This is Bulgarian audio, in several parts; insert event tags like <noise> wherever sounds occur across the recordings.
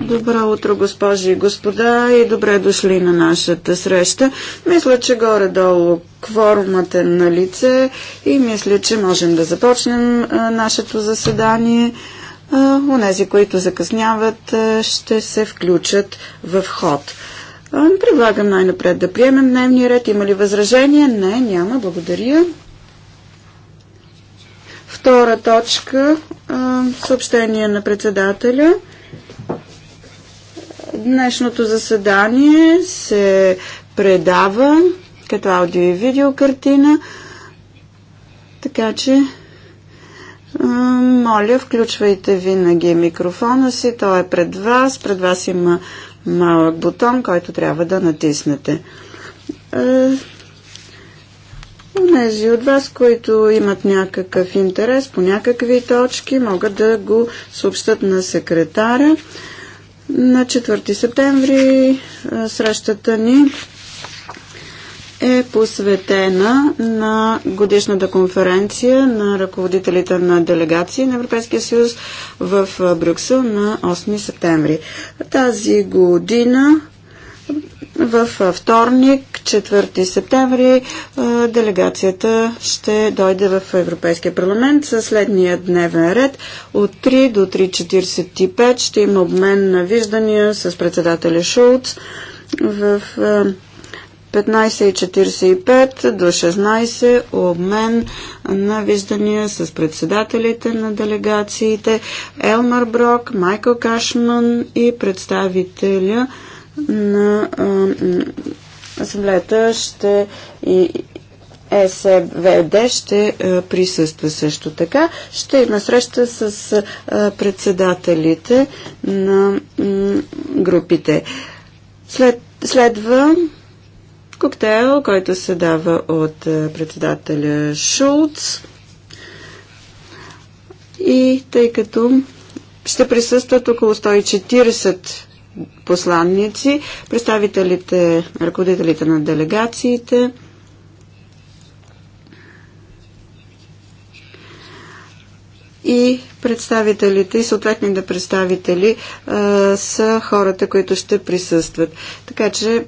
Добро утро, госпожи и господа, и добре дошли на нашата среща. Мисля, че горе-долу кворумът е на лице и мисля, че можем да започнем а, нашето заседание. А, унези, които закъсняват, а, ще се включат в ход. Предлагам най-напред да приемем дневния ред. Има ли възражения? Не, няма. Благодаря. Втора точка съобщение на председателя. Днешното заседание се предава като аудио и видеокартина, така че моля, включвайте винаги микрофона си, той е пред вас, пред вас има малък бутон, който трябва да натиснете. Унези от вас, които имат някакъв интерес по някакви точки, могат да го съобщат на секретаря. На 4 септември срещата ни е посветена на годишната конференция на ръководителите на делегации на Европейския съюз в Брюксел на 8 септември. Тази година в вторник, 4 септември, делегацията ще дойде в Европейския парламент със следния дневен ред. От 3 до 3.45 ще има обмен на виждания с председателя Шулц. В 15.45 до 16 обмен на виждания с председателите на делегациите Елмар Брок, Майкъл Кашман и представителя на асамблеята ще и СВД ще присъства също така. Ще има среща с председателите на групите. След, следва коктейл, който се дава от председателя Шулц. И тъй като ще присъстват около 140 посланници, представителите, ръководителите на делегациите. И представителите и съответните представители а, са хората, които ще присъстват. Така че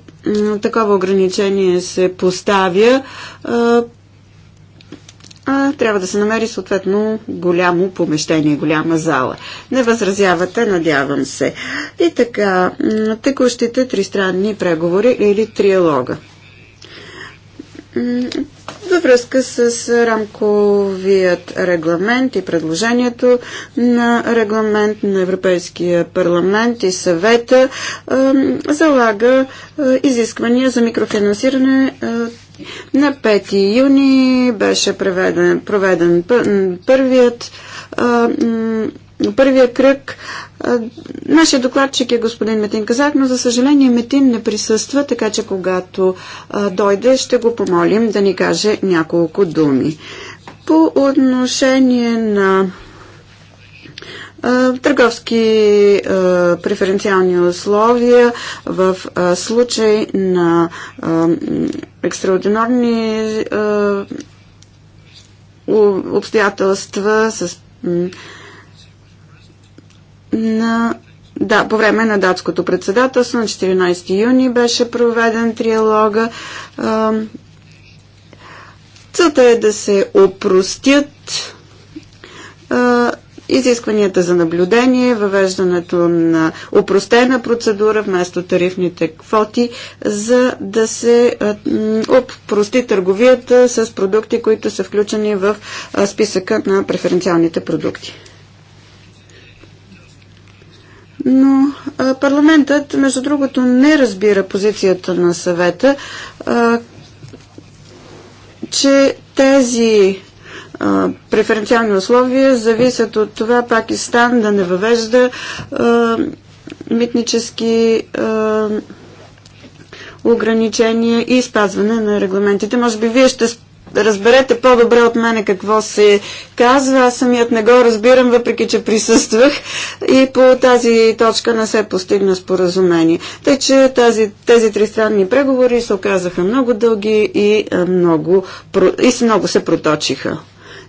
такова ограничение се поставя а, а трябва да се намери съответно голямо помещение, голяма зала. Не възразявате, надявам се. И така, текущите тристранни преговори или триалога. Във връзка с рамковият регламент и предложението на регламент на Европейския парламент и съвета залага изисквания за микрофинансиране на 5 юни беше проведен, проведен първият първия кръг. Нашия докладчик е господин Метин Казак, но за съжаление Метин не присъства, така че когато дойде ще го помолим да ни каже няколко думи. По отношение на търговски преференциални условия в случай на екстраординарни обстоятелства с на да, по време на датското председателство на 14 юни беше проведен триалога. Целта е да се опростят изискванията за наблюдение, въвеждането на упростена процедура вместо тарифните квоти, за да се опрости търговията с продукти, които са включени в списъка на преференциалните продукти. Но парламентът, между другото, не разбира позицията на съвета, че тези преференциални условия зависят от това Пакистан да не въвежда а, митнически а, ограничения и спазване на регламентите. Може би вие ще разберете по-добре от мене какво се казва. Аз самият не го разбирам, въпреки че присъствах и по тази точка не се постигна споразумение. Тъй, че тази, тези тристранни преговори се оказаха много дълги и, много, и много се проточиха.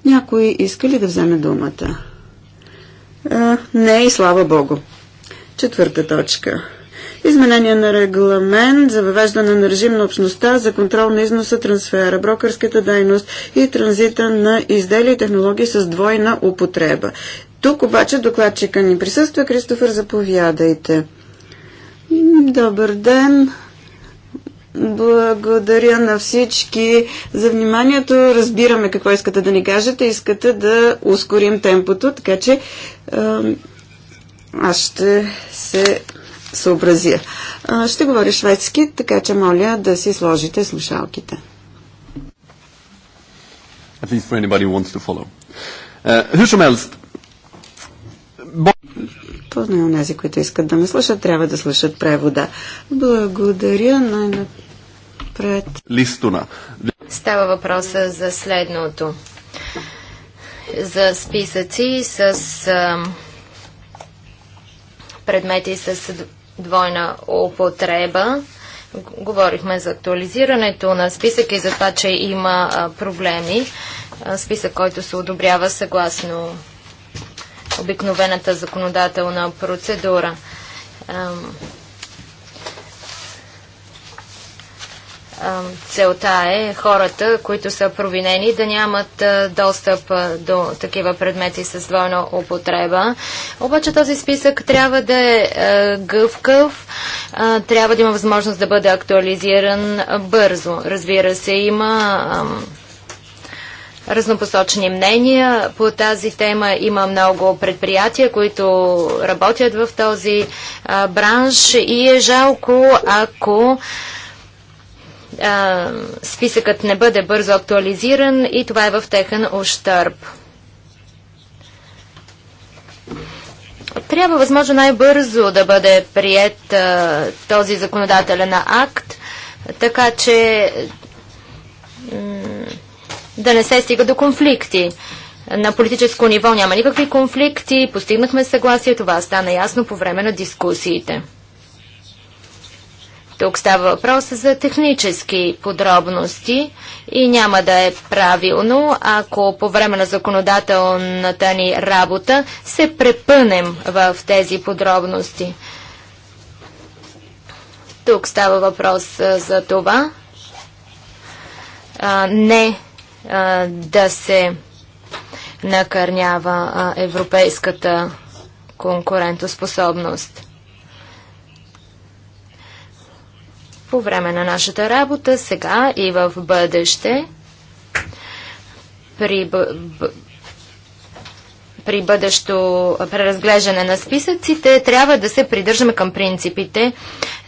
Някой иска ли да вземе думата? А, не и слава Богу. Четвърта точка. Изменение на регламент за въвеждане на режим на общността за контрол на износа, трансфера, брокърската дейност и транзита на изделия и технологии с двойна употреба. Тук обаче докладчика ни присъства. Кристофър, заповядайте. Добър ден. Благодаря на всички за вниманието. Разбираме какво искате да ни кажете. Искате да ускорим темпото, така че аз ще се съобразя. Ще говоря шведски, така че моля да си сложите слушалките. At least for anybody who wants to follow. Uh, нези, които искат да ме слушат, трябва да слушат превода. Благодаря най-напред пред... Листуна. Става въпроса за следното. За списъци с а, предмети с двойна употреба. Говорихме за актуализирането на списък и за това, че има а, проблеми. А, списък, който се одобрява съгласно обикновената законодателна процедура. А, целта е хората, които са провинени, да нямат достъп до такива предмети с двойна употреба. Обаче този списък трябва да е гъвкав, трябва да има възможност да бъде актуализиран бързо. Разбира се, има разнопосочни мнения. По тази тема има много предприятия, които работят в този бранш и е жалко, ако а, списъкът не бъде бързо актуализиран и това е в техен ущърп. Трябва възможно най-бързо да бъде прият а, този законодателен акт, така че да не се стига до конфликти. На политическо ниво няма никакви конфликти, постигнахме съгласие, това стана ясно по време на дискусиите. Тук става въпрос за технически подробности и няма да е правилно, ако по време на законодателната ни работа се препънем в тези подробности. Тук става въпрос за това а, не а, да се накърнява а, европейската конкурентоспособност. по време на нашата работа, сега и в бъдеще, при, при бъдещо преразглеждане на списъците, трябва да се придържаме към принципите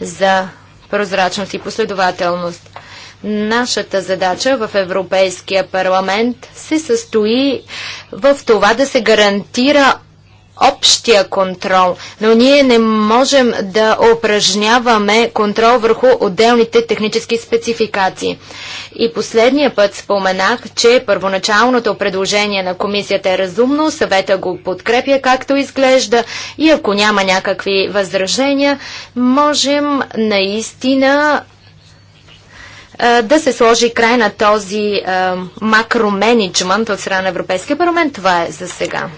за прозрачност и последователност. Нашата задача в Европейския парламент се състои в това да се гарантира общия контрол, но ние не можем да упражняваме контрол върху отделните технически спецификации. И последния път споменах, че първоначалното предложение на комисията е разумно, съвета го подкрепя както изглежда и ако няма някакви възражения, можем наистина да се сложи край на този макроменеджмент от страна на Европейския парламент. Това е за сега.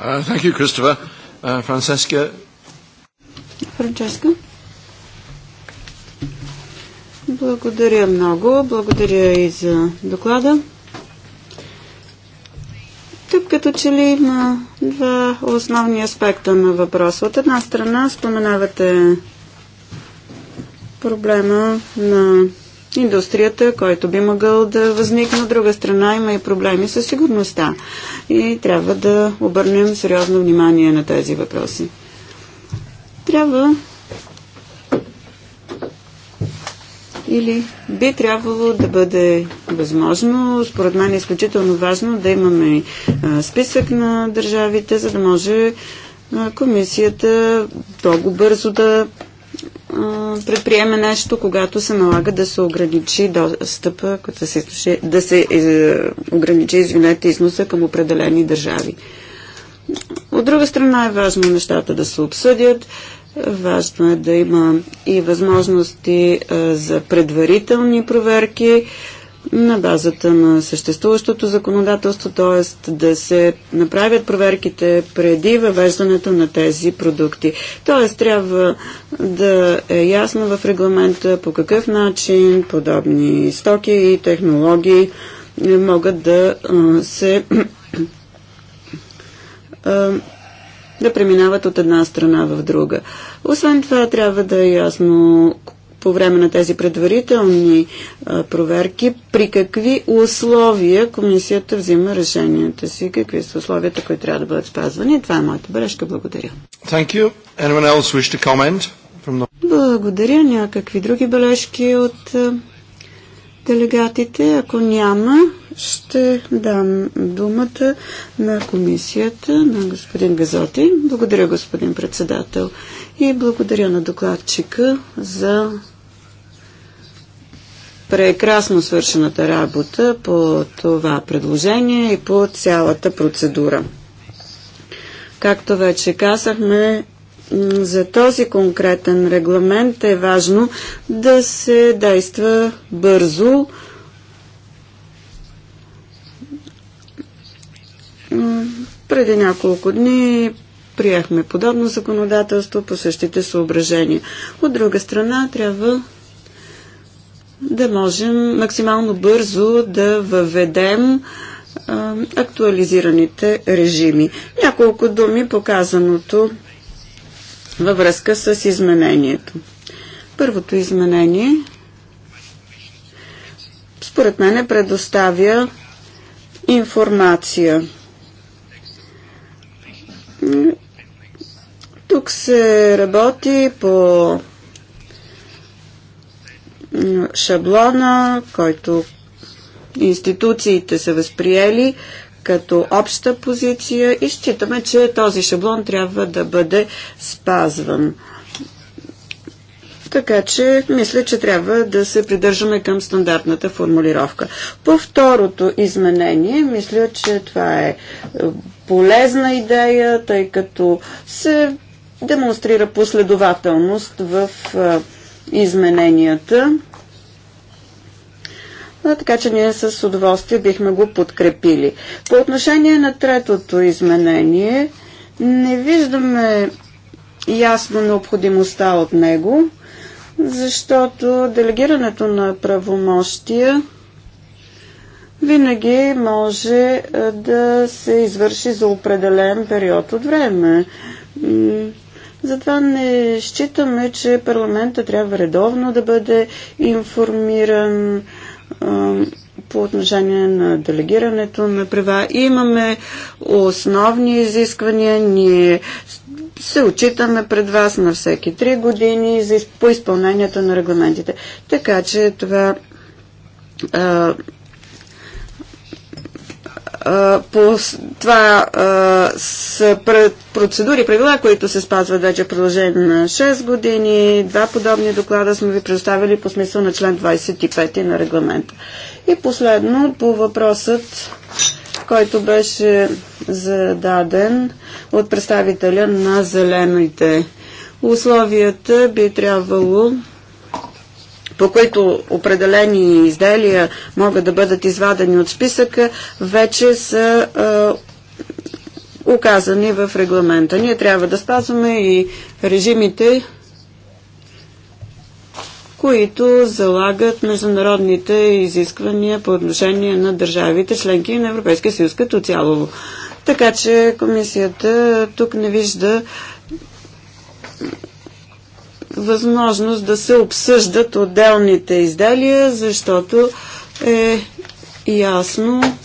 Uh, thank you, Christopher. Uh, Francesca. Франческа. Благодаря много. Благодаря и за доклада. Тук като че ли има два основни аспекта на въпроса. От една страна споменавате проблема на индустрията, който би могъл да възникне. От друга страна има и проблеми със сигурността. И трябва да обърнем сериозно внимание на тези въпроси. Трябва или би трябвало да бъде възможно. Според мен е изключително важно да имаме списък на държавите, за да може комисията много бързо да предприеме нещо, когато се налага да се ограничи достъпа, да се, да се е, ограничи, извинете, износа към определени държави. От друга страна е важно нещата да се обсъдят, важно е да има и възможности е, за предварителни проверки, на базата на съществуващото законодателство, т.е. да се направят проверките преди въвеждането на тези продукти. Т.е. трябва да е ясно в регламента по какъв начин подобни стоки и технологии могат да се <clears throat> да преминават от една страна в друга. Освен това трябва да е ясно по време на тези предварителни а, проверки, при какви условия комисията взима решенията си, какви са условията, които трябва да бъдат спазвани. Това е моята бележка. Благодаря. The... Благодаря. Някакви други бележки от а, делегатите. Ако няма, ще дам думата на комисията на господин Газоти. Благодаря, господин председател. И благодаря на докладчика за прекрасно свършената работа по това предложение и по цялата процедура. Както вече казахме, за този конкретен регламент е важно да се действа бързо. Преди няколко дни приехме подобно законодателство по същите съображения. От друга страна трябва да можем максимално бързо да въведем а, актуализираните режими. Няколко думи показаното във връзка с изменението. Първото изменение според мен предоставя информация. Тук се работи по шаблона, който институциите са възприели като обща позиция и считаме, че този шаблон трябва да бъде спазван. Така че мисля, че трябва да се придържаме към стандартната формулировка. По второто изменение, мисля, че това е полезна идея, тъй като се демонстрира последователност в измененията. А, така че ние с удоволствие бихме го подкрепили. По отношение на третото изменение, не виждаме ясно необходимостта от него, защото делегирането на правомощия винаги може да се извърши за определен период от време. Затова не считаме, че парламента трябва редовно да бъде информиран по отношение на делегирането на права. Имаме основни изисквания. Ние се отчитаме пред вас на всеки три години по изпълнението на регламентите. Така че това по това с процедури, правила, които се спазват вече в продължение на 6 години. Два подобни доклада сме ви предоставили по смисъл на член 25 на регламента. И последно, по въпросът, който беше зададен от представителя на зелените. Условията би трябвало по които определени изделия могат да бъдат извадени от списъка, вече са а, указани в регламента. Ние трябва да спазваме и режимите, които залагат международните изисквания по отношение на държавите, членки на Европейския съюз като цяло. Така че комисията тук не вижда възможност да се обсъждат отделните изделия, защото е ясно,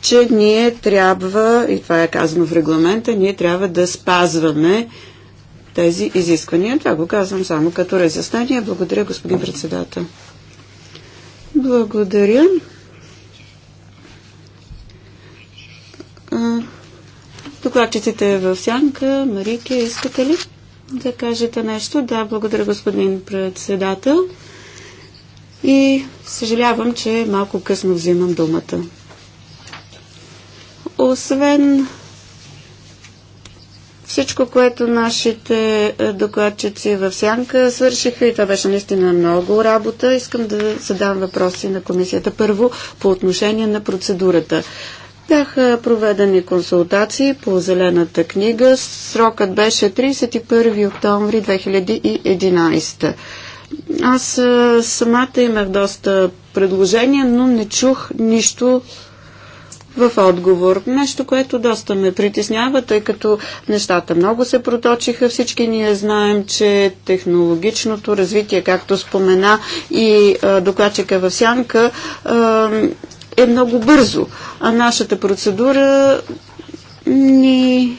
че ние трябва, и това е казано в регламента, ние трябва да спазваме тези изисквания. Това го казвам само като разяснение. Благодаря, господин председател. Благодаря. Докладчиците в сянка. Марике, искате ли? да кажете нещо? Да, благодаря господин председател. И съжалявам, че малко късно взимам думата. Освен всичко, което нашите е, докладчици в Сянка свършиха и това беше наистина много работа. Искам да задам въпроси на комисията. Първо, по отношение на процедурата. Бяха проведени консултации по зелената книга. Срокът беше 31 октомври 2011. Аз самата имах доста предложения, но не чух нищо в отговор. Нещо, което доста ме притеснява, тъй като нещата много се проточиха. Всички ние знаем, че технологичното развитие, както спомена и докладчика в Сянка, е много бързо, а нашата процедура ни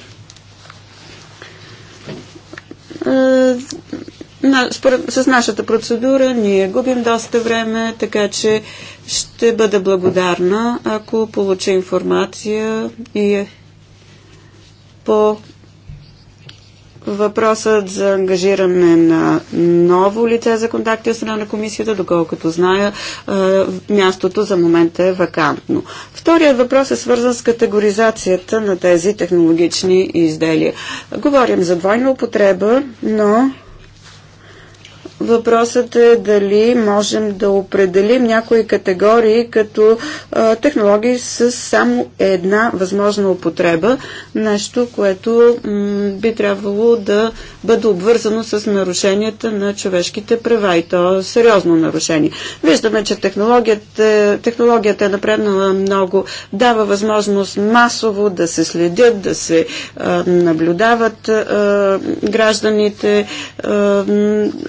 с нашата процедура ние губим доста време, така че ще бъда благодарна, ако получа информация и е по Въпросът за ангажиране на ново лице за контакти от страна на комисията, доколкото зная, е, мястото за момента е вакантно. Вторият въпрос е свързан с категоризацията на тези технологични изделия. Говорим за двойна употреба, но Въпросът е дали можем да определим някои категории като а, технологии с само една възможна употреба, нещо, което би трябвало да бъде обвързано с нарушенията на човешките права и то е сериозно нарушение. Виждаме, че технологията, технологията е напреднала много, дава възможност масово да се следят, да се а, наблюдават а, гражданите,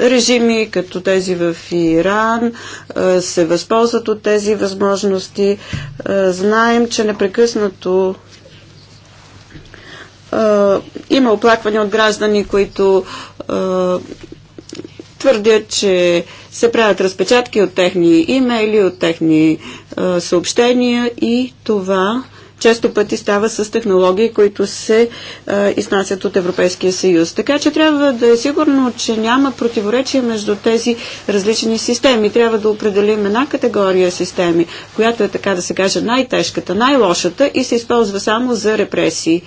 режим режими, като тези в Иран, е, се възползват от тези възможности. Е, знаем, че непрекъснато е, има оплаквания от граждани, които твърдят, че се правят разпечатки от техни имейли, от техни съобщения и това често пъти става с технологии, които се а, изнасят от Европейския съюз. Така че трябва да е сигурно, че няма противоречие между тези различни системи. Трябва да определим една категория системи, която е така да се каже най-тежката, най-лошата и се използва само за репресии.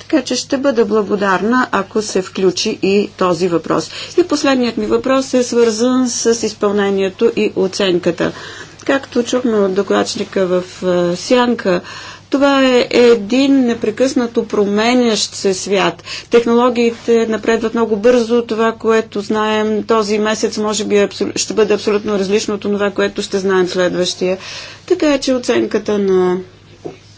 Така че ще бъда благодарна, ако се включи и този въпрос. И последният ми въпрос е свързан с изпълнението и оценката. Както чухме от докладчника в Сянка, това е един непрекъснато променящ се свят. Технологиите напредват много бързо. Това, което знаем този месец, може би е ще бъде абсолютно различно от това, което ще знаем следващия. Така е, че оценката на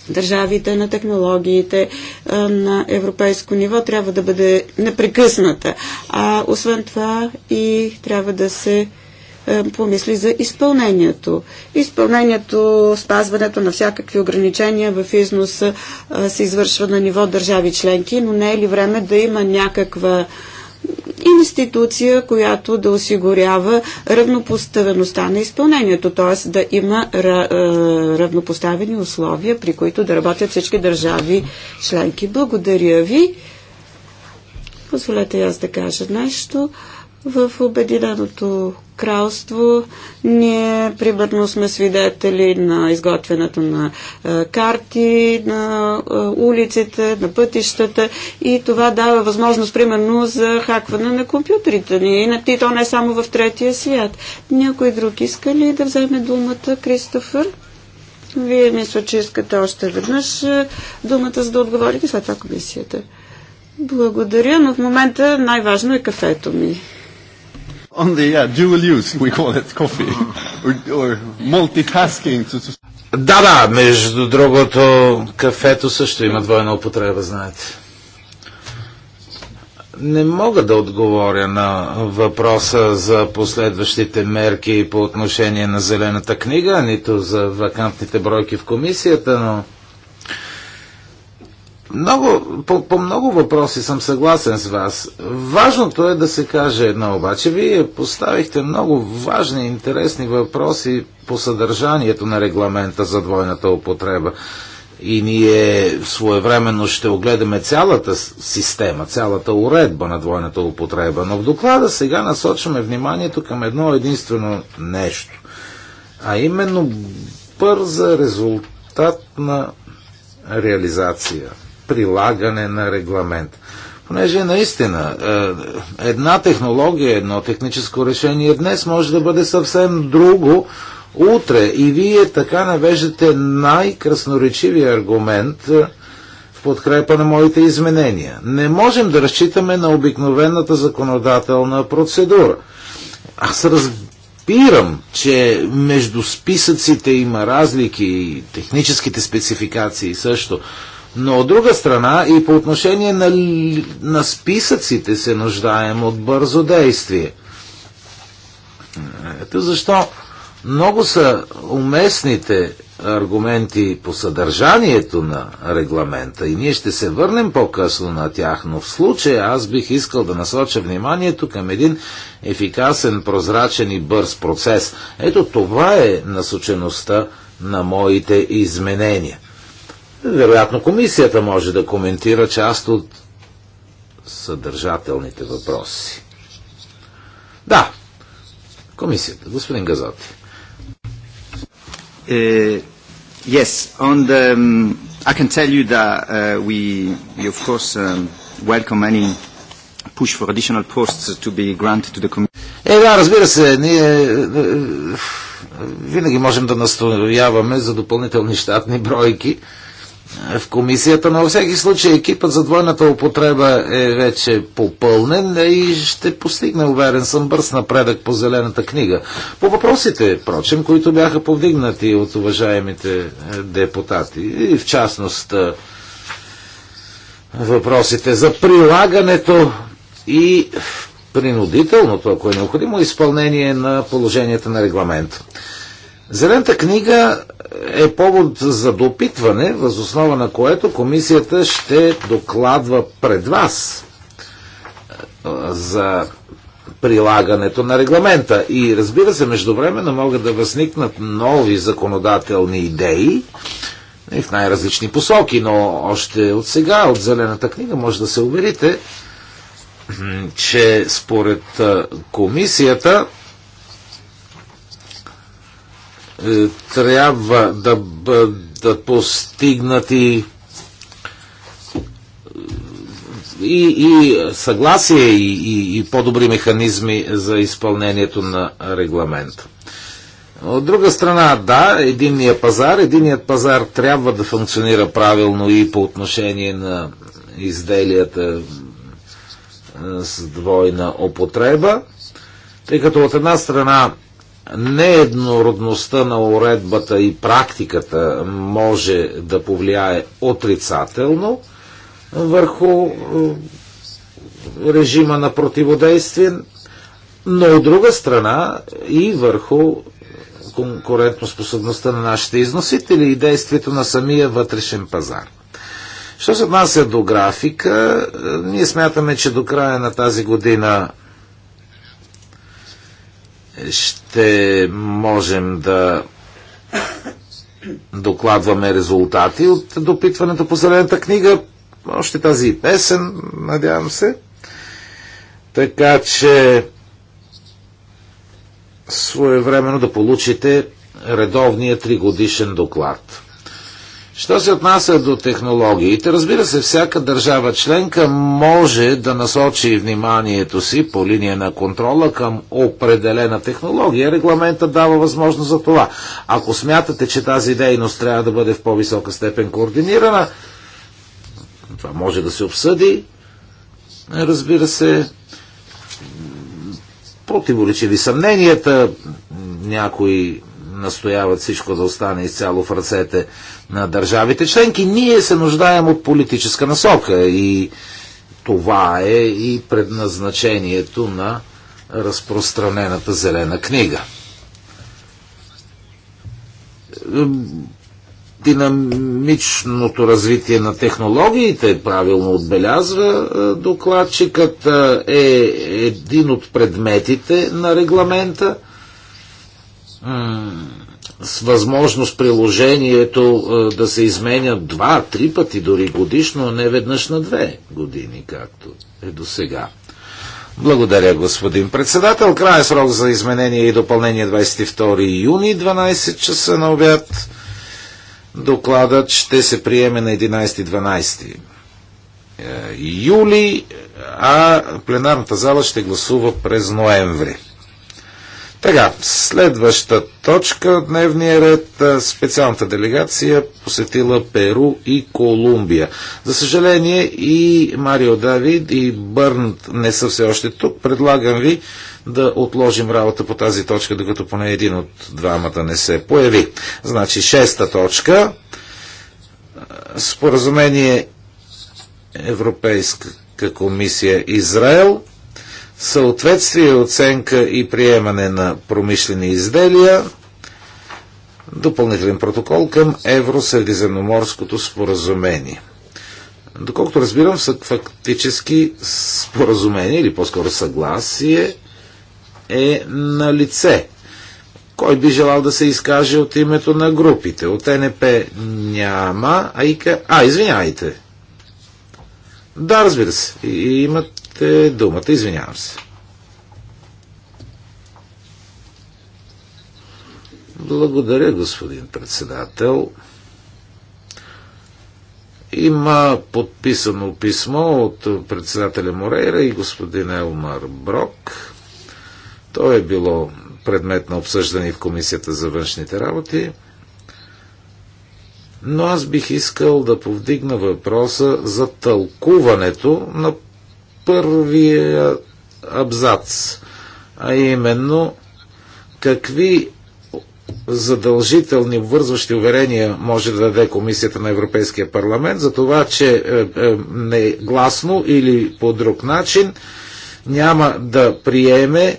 държавите, на технологиите на европейско ниво трябва да бъде непрекъсната. А освен това и трябва да се е, помисли за изпълнението. Изпълнението, спазването на всякакви ограничения в износа е, се извършва на ниво държави членки, но не е ли време да има някаква институция, която да осигурява равнопоставеността на изпълнението, т.е. да има е, равнопоставени условия, при които да работят всички държави членки. Благодаря ви. Позволете аз да кажа нещо. В Обединеното кралство ние примерно сме свидетели на изготвянето на е, карти на е, улиците, на пътищата и това дава възможност примерно за хакване на компютрите ни и то не само в третия свят. Някой друг иска ли да вземе думата, Кристофър? Вие мисля, че искате още веднъж е, думата, за да отговорите след това комисията. Благодаря, но в момента най-важно е кафето ми on the yeah, dual use, we call it coffee, uh-huh. or, or multitasking. Да, да, между другото, кафето също има двойна употреба, знаете. Не мога да отговоря на въпроса за последващите мерки по отношение на Зелената книга, нито за вакантните бройки в комисията, но много, по, по много въпроси съм съгласен с вас. Важното е да се каже едно, обаче вие поставихте много важни и интересни въпроси по съдържанието на регламента за двойната употреба. И ние своевременно ще огледаме цялата система, цялата уредба на двойната употреба. Но в доклада сега насочваме вниманието към едно единствено нещо. А именно бърза резултатна реализация прилагане на регламент. Понеже наистина е, една технология, едно техническо решение днес може да бъде съвсем друго утре. И вие така навеждате най-красноречивия аргумент е, в подкрепа на моите изменения. Не можем да разчитаме на обикновената законодателна процедура. Аз разбирам, че между списъците има разлики, и техническите спецификации също. Но от друга страна и по отношение на, на списъците се нуждаем от бързо действие. Ето защо много са уместните аргументи по съдържанието на регламента и ние ще се върнем по-късно на тях, но в случая аз бих искал да насоча вниманието към един ефикасен, прозрачен и бърз процес. Ето това е насочеността на моите изменения. Вероятно комисията може да коментира част от съдържателните въпроси. Да, комисията, господин Газати. Uh, yes, on the, um, I can tell you that uh, we, we of course um, welcome any push for additional posts to be granted to the committee. Е, да, разбира се, ние е, е, винаги можем да настояваме за допълнителни щатни бройки. Uh, в комисията, но във всеки случай екипът за двойната употреба е вече попълнен и ще постигне, уверен съм, бърз напредък по зелената книга. По въпросите, прочим, които бяха повдигнати от уважаемите е, депутати и в частност е, въпросите за прилагането и принудителното, ако е необходимо, изпълнение на положенията на регламент. Зелената книга е повод за допитване, възоснова на което комисията ще докладва пред вас за прилагането на регламента. И разбира се, междувременно могат да възникнат нови законодателни идеи и в най-различни посоки, но още от сега, от Зелената книга, може да се уверите, че според комисията е, трябва да бъдат постигнати е, и, и съгласие и, и, и по-добри механизми за изпълнението на регламента. От друга страна, да, единния пазар, единият пазар трябва да функционира правилно и по отношение на изделията е, с двойна употреба, тъй като от една страна нееднородността на уредбата и практиката може да повлияе отрицателно върху е, режима на противодействие, но от друга страна и върху конкурентоспособността на нашите износители и действието на самия вътрешен пазар. Що се отнася до графика, е, ние смятаме, че до края на тази година ще можем да докладваме резултати от допитването по Зелената книга още тази песен, надявам се. Така че своевременно да получите редовния тригодишен доклад. Що се отнася до технологиите, разбира се, всяка държава членка може да насочи вниманието си по линия на контрола към определена технология. Регламента дава възможност за това. Ако смятате, че тази дейност трябва да бъде в по-висока степен координирана, това може да се обсъди. Разбира се, противоречиви съмненията, някои настояват всичко да остане изцяло в ръцете на държавите членки. Ние се нуждаем от политическа насока и това е и предназначението на разпространената зелена книга. Динамичното развитие на технологиите, правилно отбелязва докладчикът, е един от предметите на регламента с възможност приложението е, да се изменя два, три пъти дори годишно, а не веднъж на две години, както е до сега. Благодаря, господин председател. Край срок за изменение и допълнение 22 е юни, 12 часа на обяд. Докладът ще се приеме на 11-12 е, юли, а пленарната зала ще гласува през ноември. Така, следваща точка от дневния ред. Специалната делегация посетила Перу и Колумбия. За съжаление и Марио Давид и Бърнт не са все още тук. Предлагам ви да отложим работа по тази точка, докато поне един от двамата не се появи. Значи, шеста точка. Споразумение Европейска комисия Израел – съответствие, оценка и приемане на промишлени изделия, допълнителен протокол към Евросредиземноморското споразумение. Доколкото разбирам, са фактически споразумение или по-скоро съгласие е на лице. Кой би желал да се изкаже от името на групите? От НП няма, а и... А, извинявайте. Да, разбира се. и имат имате думата. Извинявам се. Благодаря, господин председател. Има подписано писмо от председателя Морейра и господин Елмар Брок. То е било предмет на обсъждане в Комисията за външните работи. Но аз бих искал да повдигна въпроса за тълкуването на първия абзац, а именно какви задължителни обвързващи уверения може да даде Комисията на Европейския парламент за това, че не гласно е, негласно или по друг начин няма да приеме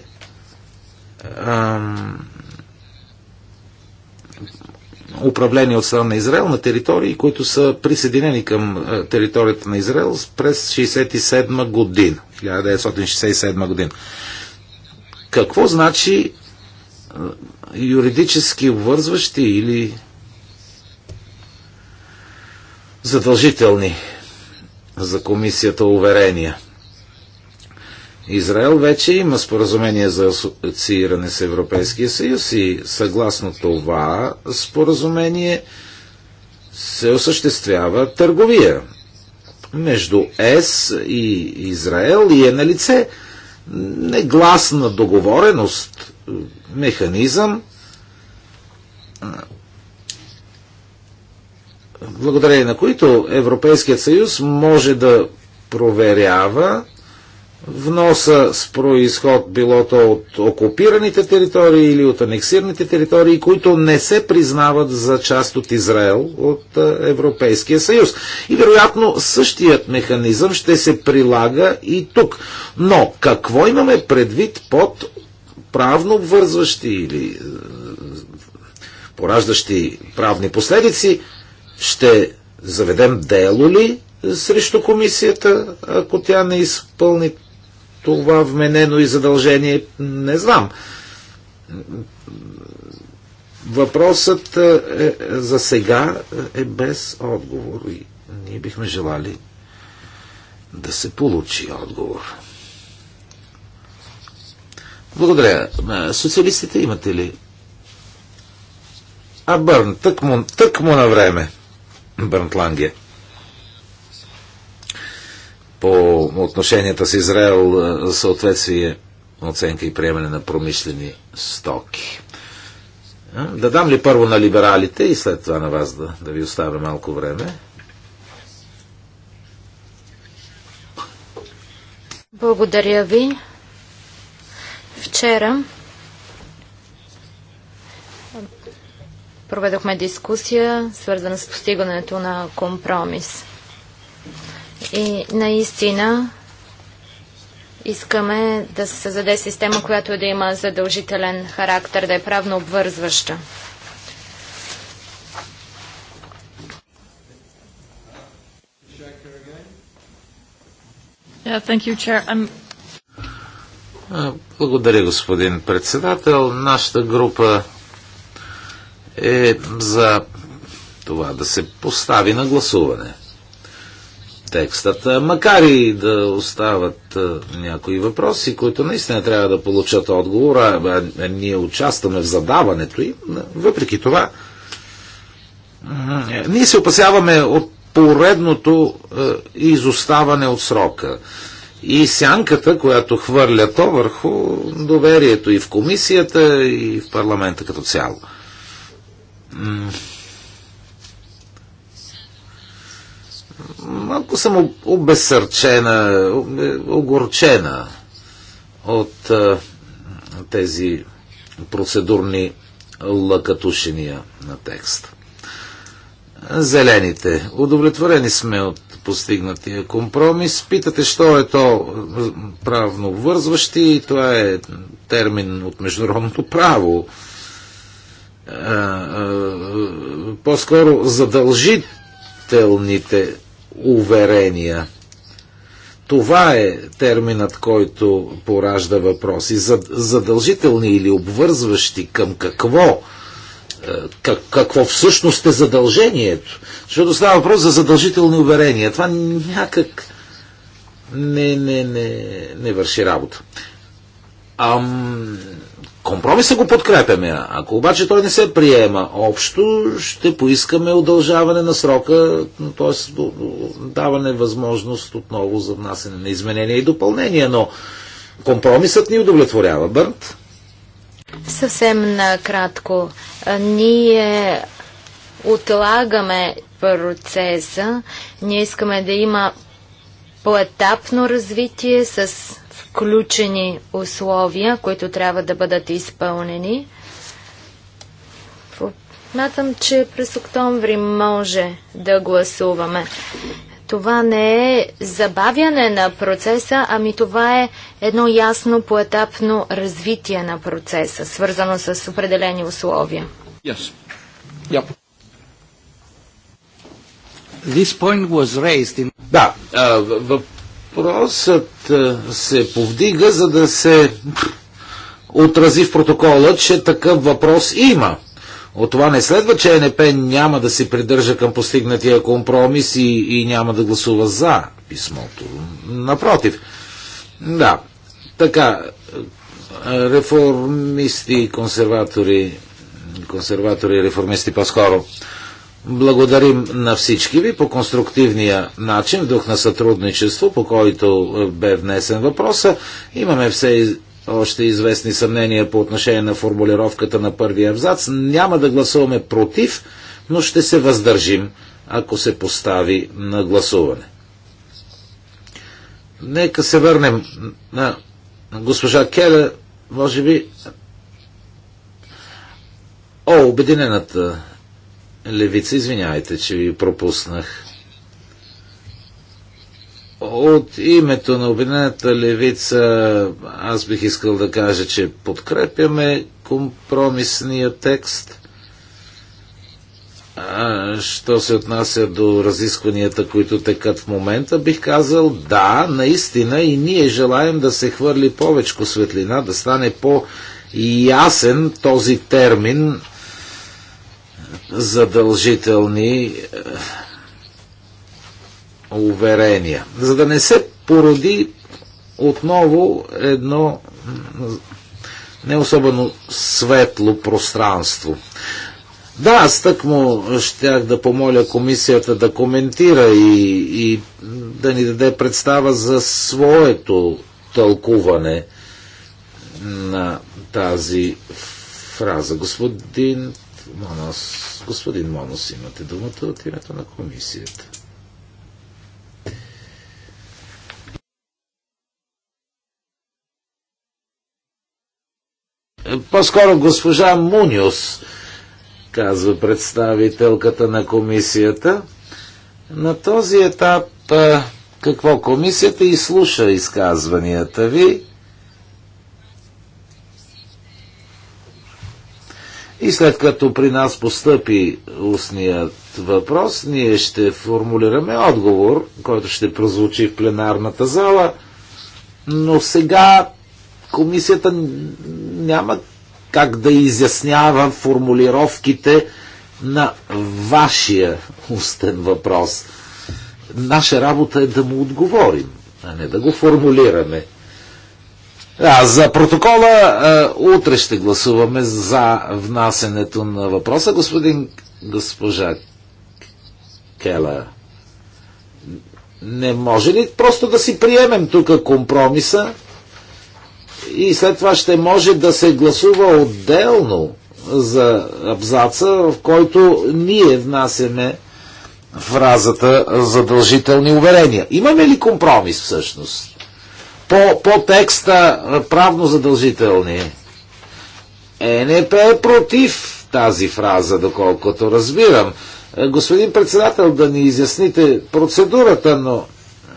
ам, управление от страна на Израел на територии, които са присъединени към е, територията на Израел през 1967 година. 1967 година. Какво значи е, юридически обвързващи или задължителни за комисията уверения? Израел вече има споразумение за асоцииране с Европейския съюз и съгласно това споразумение се осъществява търговия между ЕС и Израел и е на лице негласна договореност, механизъм, благодарение на които Европейският съюз може да проверява вноса с происход било то от окупираните територии или от анексираните територии, които не се признават за част от Израел от е, Европейския съюз. И вероятно същият механизъм ще се прилага и тук. Но какво имаме предвид под правно обвързващи или е, пораждащи правни последици, ще заведем дело ли срещу комисията, ако тя не изпълни това вменено и задължение? Не знам. Въпросът е, е, за сега е без отговор и ние бихме желали да се получи отговор. Благодаря. Е, социалистите имате ли? А Бърн, тък му, тък му на време. Бърнтланге по отношенията с Израел е, съответствие оценка и приемане на промишлени стоки. Да дам ли първо на либералите и след това на вас да, да ви оставя малко време? Благодаря ви. Вчера проведохме дискусия, свързана с постигането на компромис. И наистина искаме да се създаде система, която да има задължителен характер, да е правно обвързваща. Yeah, you, Благодаря, господин председател. Нашата група е за това да се постави на гласуване текстът. Макар и да остават някои въпроси, които наистина трябва да получат отговор, а ние участваме в задаването им, въпреки това, е, ние се опасяваме от поредното изоставане от срока и сянката, която хвърля то върху доверието и в комисията, и в парламента като цяло. малко съм обесърчена, огорчена от тези процедурни лъкатушения на текст. Зелените. Удовлетворени сме от постигнатия компромис. Питате, що е то правно вързващи и това е термин от международното право. По-скоро задължителните уверения. Това е терминът, който поражда въпроси. Задължителни или обвързващи към какво? Е, как, какво всъщност е задължението? Защото става въпрос за задължителни уверения. Това някак не, не, не, не върши работа. Ам, компромиса го подкрепяме. Ако обаче той не се приема общо, ще поискаме удължаване на срока, т.е. даване възможност отново за внасене на изменения и допълнения, но компромисът ни удовлетворява, Бърт. Съвсем накратко. Ние отлагаме процеса. Ние искаме да има поетапно развитие с включени условия, които трябва да бъдат изпълнени. Смятам, че през октомври може да гласуваме. Това не е забавяне на процеса, ами това е едно ясно поетапно развитие на процеса, свързано с определени условия. Yes. Yep. This point was raised in... Да, Въпросът е, се повдига, за да се отрази в протокола, че такъв въпрос има. От това не следва, че НП няма да се придържа към постигнатия компромис и, и няма да гласува за писмото. Напротив. Да, така, е, реформисти и консерватори, консерватори и реформисти по-скоро Благодарим на всички ви по конструктивния начин, дух на сътрудничество, по който е, бе внесен въпроса. Имаме все още известни съмнения по отношение на формулировката на първия абзац. Няма да гласуваме против, но ще се въздържим, ако се постави на гласуване. Нека се върнем на госпожа Келе, може би. О, обединената Левица, извинявайте, че ви пропуснах. От името на Обединената левица аз бих искал да кажа, че подкрепяме компромисния текст. А, що се отнася до разискванията, които текат в момента, бих казал да, наистина и ние желаем да се хвърли повече светлина, да стане по-ясен този термин задължителни е, уверения. За да не се породи отново едно не особено светло пространство. Да, аз тъкмо щях да помоля комисията да коментира и, и да ни даде представа за своето тълкуване на тази фраза. Господин Манос. Господин Манос, имате думата от името на комисията. По-скоро госпожа Муниос, казва представителката на комисията. На този етап какво комисията изслуша изказванията ви И след като при нас постъпи устният въпрос, ние ще формулираме отговор, който ще прозвучи в пленарната зала, но сега комисията няма как да изяснява формулировките на вашия устен въпрос. Наша работа е да му отговорим, а не да го формулираме. А, за протокола утре ще гласуваме за внасенето на въпроса. Господин госпожа Кела, не може ли просто да си приемем тук компромиса и след това ще може да се гласува отделно за абзаца, в който ние внасяме фразата задължителни уверения. Имаме ли компромис всъщност? по, по текста правно задължителни. ЕНП е против тази фраза, доколкото разбирам. Е, господин председател, да ни изясните процедурата, но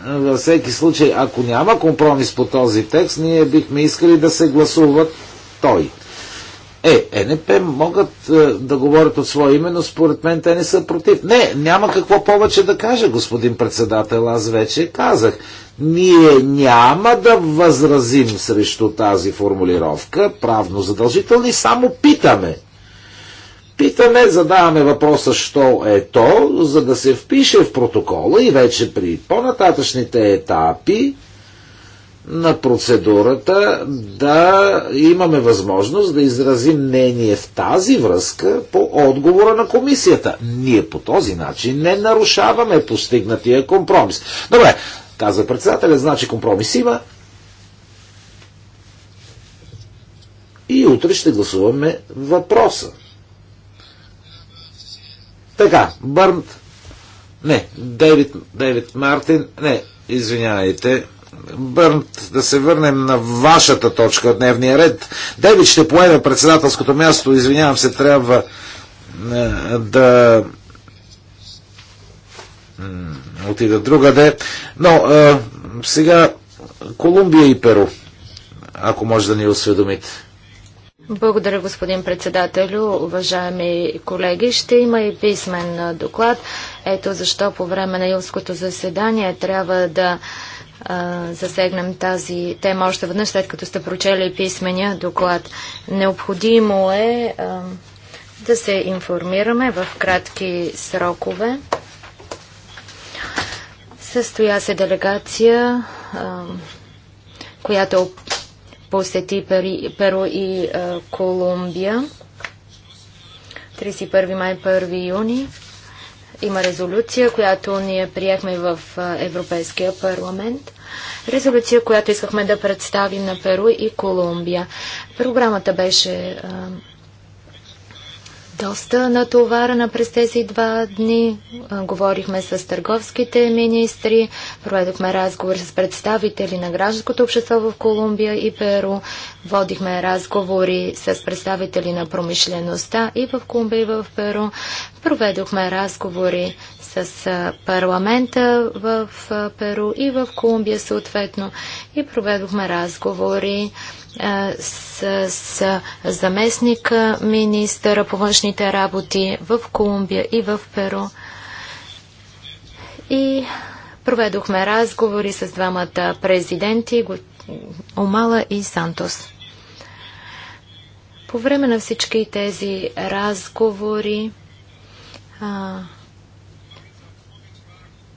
е, във всеки случай, ако няма компромис по този текст, ние бихме искали да се гласува той. Е, НП могат е, да говорят от свое име, но според мен те не са против. Не, няма какво повече да кажа, господин председател, аз вече казах. Ние няма да възразим срещу тази формулировка, правно задължителни, само питаме. Питаме, задаваме въпроса, що е то, за да се впише в протокола и вече при по-нататъчните етапи на процедурата да имаме възможност да изразим мнение в тази връзка по отговора на комисията. Ние по този начин не нарушаваме постигнатия компромис. Добре, каза председателя, значи компромис има. И утре ще гласуваме въпроса. Така, Бърнт. Не, Дейвид, Дейвид Мартин. Не, извинявайте. Бърнт, да се върнем на вашата точка от дневния ред. Девид ще поеме председателското място. Извинявам се, трябва е, да отида другаде. Но а, е, сега Колумбия и Перу, ако може да ни осведомите. Благодаря, господин председателю. Уважаеми колеги, ще има и писмен е, доклад. Ето защо по време на юлското заседание трябва да а, засегнем тази тема още веднъж, след като сте прочели писмения доклад. Необходимо е а, да се информираме в кратки срокове. Състоя се делегация, а, която посети Пери, Перу и а, Колумбия. 31 май, 1 юни. Има резолюция, която ние приехме в Европейския парламент. Резолюция, която искахме да представим на Перу и Колумбия. Програмата беше доста натоварена през тези два дни. говорихме с търговските министри, проведохме разговори с представители на гражданското общество в Колумбия и Перу, водихме разговори с представители на промишлеността и в Колумбия и в Перу. Проведохме разговори с парламента в Перу и в Колумбия съответно и проведохме разговори с, с заместника министъра по външните работи в Колумбия и в Перу. И проведохме разговори с двамата президенти Омала и Сантос. По време на всички тези разговори а,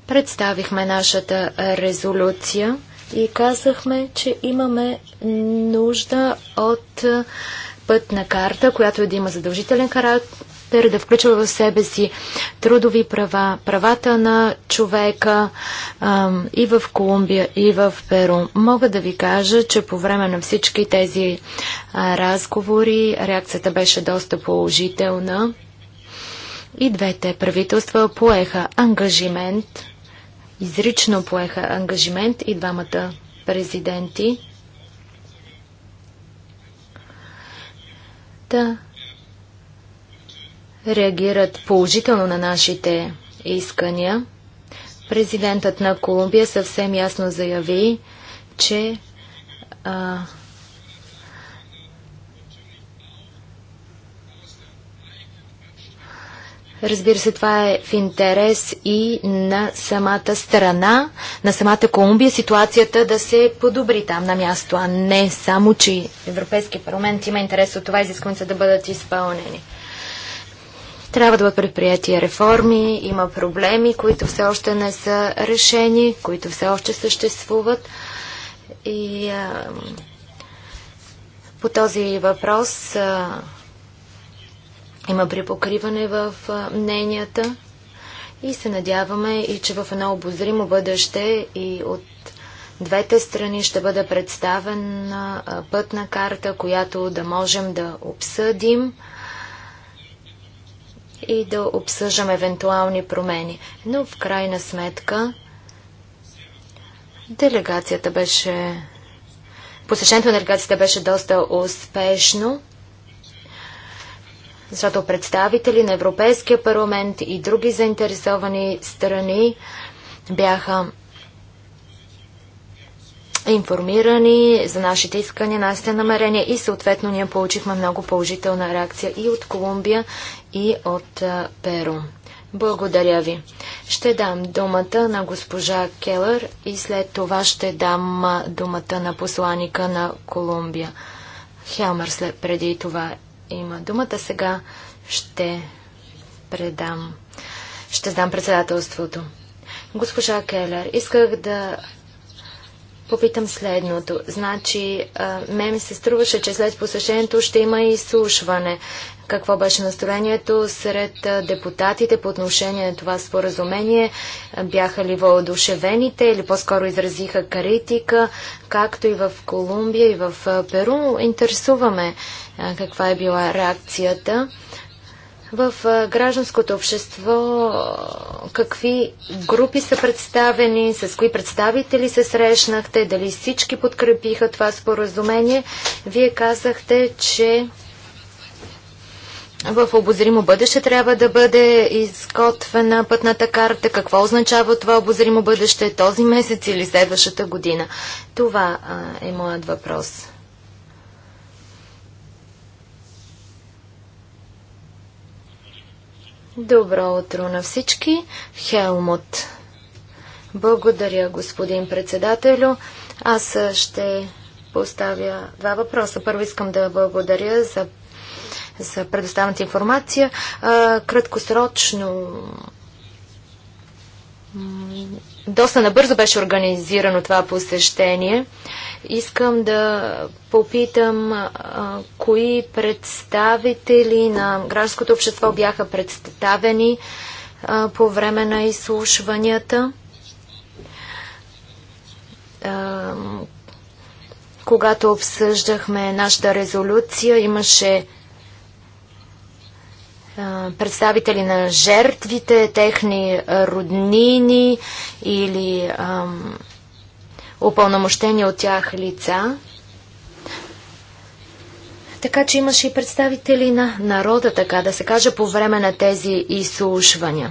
представихме нашата резолюция и казахме, че имаме нужда от пътна карта, която е да има задължителен характер, да включва в себе си трудови права, правата на човека а, и в Колумбия, и в Перу. Мога да ви кажа, че по време на всички тези а, разговори реакцията беше доста положителна. И двете правителства поеха ангажимент, изрично поеха ангажимент и двамата президенти да реагират положително на нашите искания. Президентът на Колумбия съвсем ясно заяви, че а, Разбира се, това е в интерес и на самата страна, на самата Колумбия, ситуацията да се подобри там на място, а не само, че Европейския парламент има интерес от това изискванията да бъдат изпълнени. Трябва да бъдат предприяти реформи, има проблеми, които все още не са решени, които все още съществуват. И а, по този въпрос а, има припокриване в мненията и се надяваме и че в едно обозримо бъдеще и от двете страни ще бъде представена пътна карта, която да можем да обсъдим и да обсъждам евентуални промени. Но в крайна сметка делегацията беше... Посещението на делегацията беше доста успешно защото представители на Европейския парламент и други заинтересовани страни бяха информирани за нашите искания, нашите намерения и съответно ние получихме много положителна реакция и от Колумбия, и от Перу. Благодаря ви. Ще дам думата на госпожа Келър и след това ще дам думата на посланика на Колумбия. Хелмър след преди това има думата. Сега ще предам, ще знам председателството. Госпожа Келер, исках да попитам следното. Значи, ме ми се струваше, че след посещението ще има и изслушване какво беше настроението сред депутатите по отношение на това споразумение. Бяха ли въодушевените или по-скоро изразиха критика, както и в Колумбия и в Перу. Интересуваме каква е била реакцията. В гражданското общество какви групи са представени, с кои представители се срещнахте, дали всички подкрепиха това споразумение. Вие казахте, че в обозримо бъдеще трябва да бъде изготвена пътната карта. Какво означава това обозримо бъдеще този месец или следващата година? Това а, е моят въпрос. Добро утро на всички. Хелмут. Благодаря, господин председателю. Аз ще поставя два въпроса. Първо искам да благодаря за за предоставената информация. Краткосрочно доста набързо беше организирано това посещение. Искам да попитам кои представители на гражданското общество бяха представени по време на изслушванията. когато обсъждахме нашата резолюция, имаше представители на жертвите, техни роднини или ам, упълномощени от тях лица. Така че имаше и представители на народа, така да се каже, по време на тези изслушвания,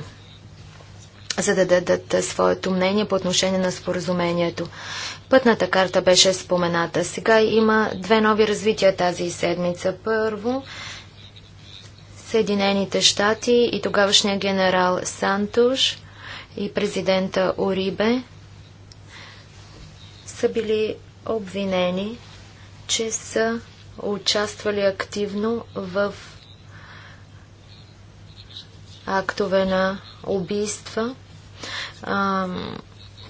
за да дадат своето мнение по отношение на споразумението. Пътната карта беше спомената. Сега има две нови развития тази седмица. Първо, Съединените щати и тогавашния генерал Сантуш и президента Орибе са били обвинени, че са участвали активно в актове на убийства.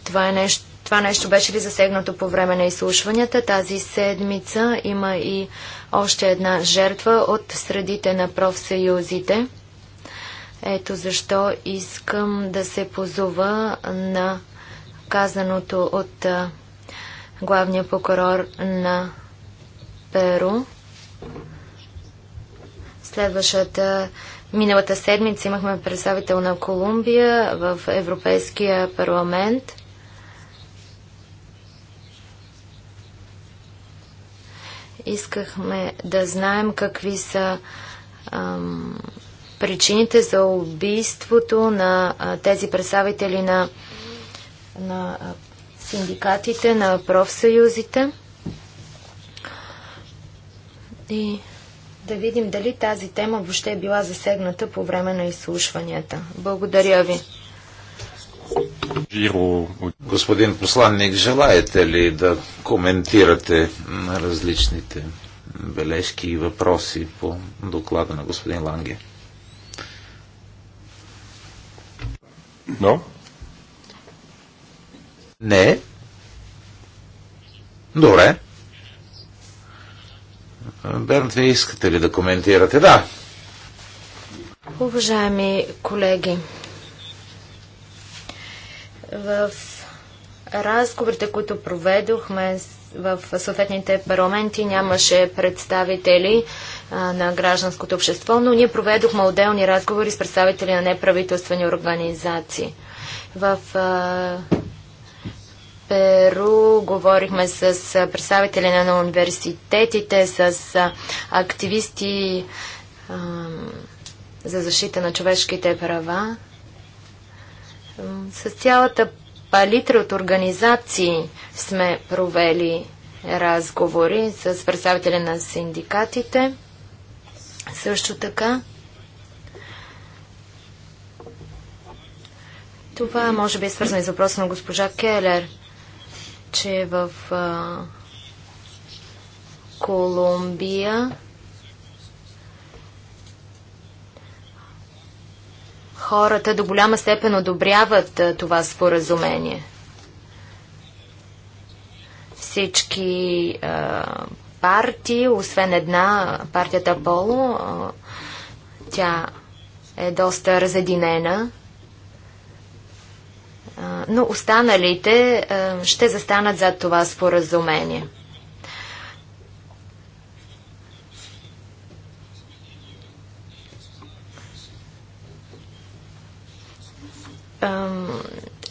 това е нещо, това нещо беше ли засегнато по време на изслушванията? Тази седмица има и още една жертва от средите на профсъюзите. Ето защо искам да се позова на казаното от главния прокурор на Перу. Следващата миналата седмица имахме представител на Колумбия в Европейския парламент. Искахме да знаем какви са ам, причините за убийството на а, тези представители на, на а, синдикатите, на профсъюзите. И да видим дали тази тема въобще е била засегната по време на изслушванията. Благодаря ви. Господин посланник, желаете ли да коментирате различните бележки и въпроси по доклада на господин Ланге? Но? Не. Добре. Бернт, вие искате ли да коментирате? Да. Уважаеми колеги, в разговорите, които проведохме в съответните парламенти, нямаше представители на гражданското общество, но ние проведохме отделни разговори с представители на неправителствени организации. В Перу говорихме с представители на университетите, с активисти за защита на човешките права. С цялата палитра от организации сме провели разговори с представители на синдикатите. Също така. Това може би е свързано и с въпроса на госпожа Келер, че в а, Колумбия хората до голяма степен одобряват това споразумение. Всички а, партии, освен една, партията Поло, тя е доста разединена, а, но останалите ще застанат зад това споразумение.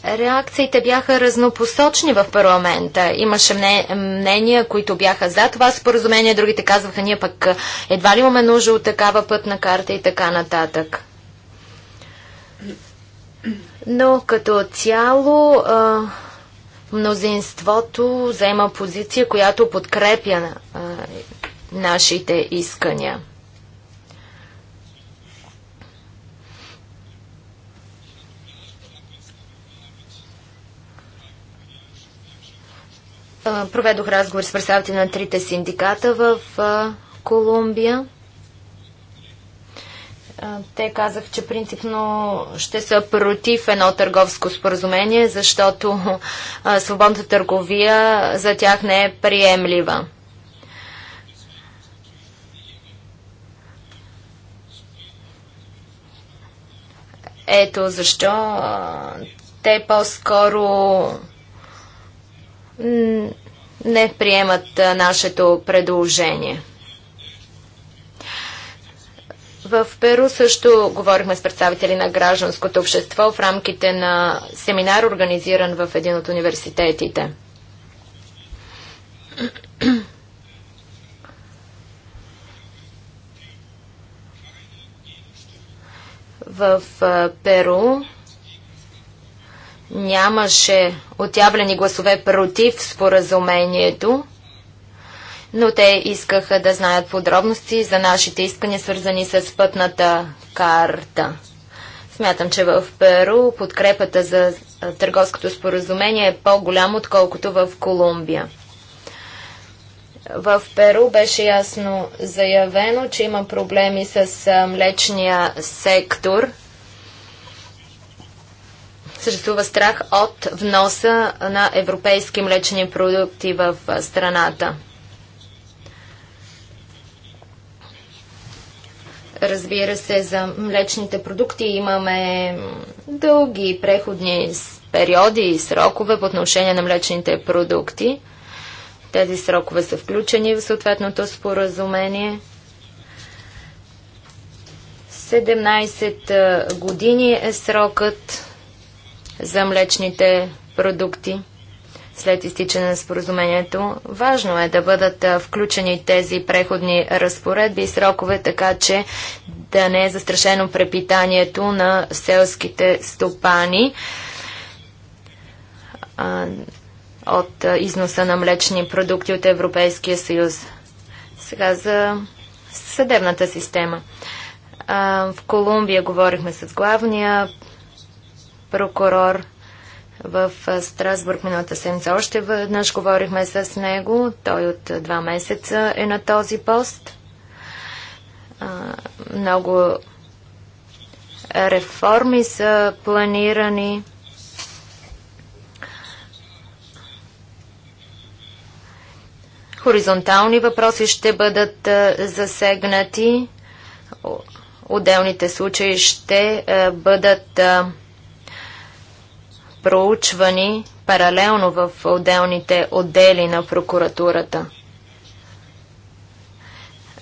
Реакциите бяха разнопосочни в парламента. Имаше мнения, които бяха за това споразумение, другите казваха, ние пък едва ли имаме нужда от такава пътна карта и така нататък. Но като цяло мнозинството взема позиция, която подкрепя нашите искания. Проведох разговор с представители на трите синдиката в Колумбия. Те казах, че принципно ще са против едно търговско споразумение, защото свободната търговия за тях не е приемлива. Ето защо те по-скоро не приемат нашето предложение. В Перу също говорихме с представители на гражданското общество в рамките на семинар, организиран в един от университетите. В Перу Нямаше отявлени гласове против споразумението, но те искаха да знаят подробности за нашите искания, свързани с пътната карта. Смятам, че в Перу подкрепата за търговското споразумение е по голям отколкото в Колумбия. В Перу беше ясно заявено, че има проблеми с млечния сектор – съществува страх от вноса на европейски млечни продукти в страната. Разбира се, за млечните продукти имаме дълги преходни периоди и срокове по отношение на млечните продукти. Тези срокове са включени в съответното споразумение. 17 години е срокът за млечните продукти след изтичане на споразумението. Важно е да бъдат включени тези преходни разпоредби и срокове, така че да не е застрашено препитанието на селските стопани от износа на млечни продукти от Европейския съюз. Сега за съдебната система. в Колумбия говорихме с главния прокурор в Страсбург миналата седмица. Още веднъж говорихме с него. Той от два месеца е на този пост. Много реформи са планирани. Хоризонтални въпроси ще бъдат засегнати. Отделните случаи ще бъдат проучвани паралелно в отделните отдели на прокуратурата.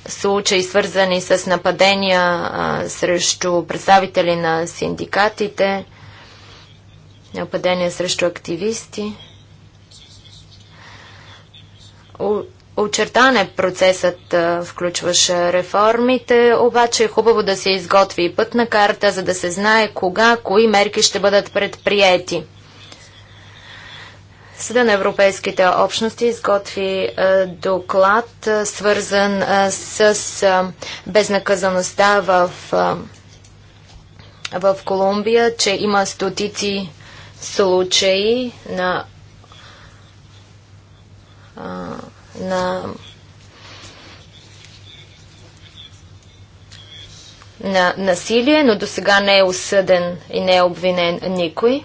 Случаи свързани с нападения а, срещу представители на синдикатите, нападения срещу активисти очертан е процесът, включваше реформите, обаче е хубаво да се изготви и пътна карта, за да се знае кога, кои мерки ще бъдат предприяти. Съда на Европейските общности изготви доклад, свързан с безнаказаността в, в Колумбия, че има стотици случаи на на на насилие, но до сега не е осъден и не е обвинен никой.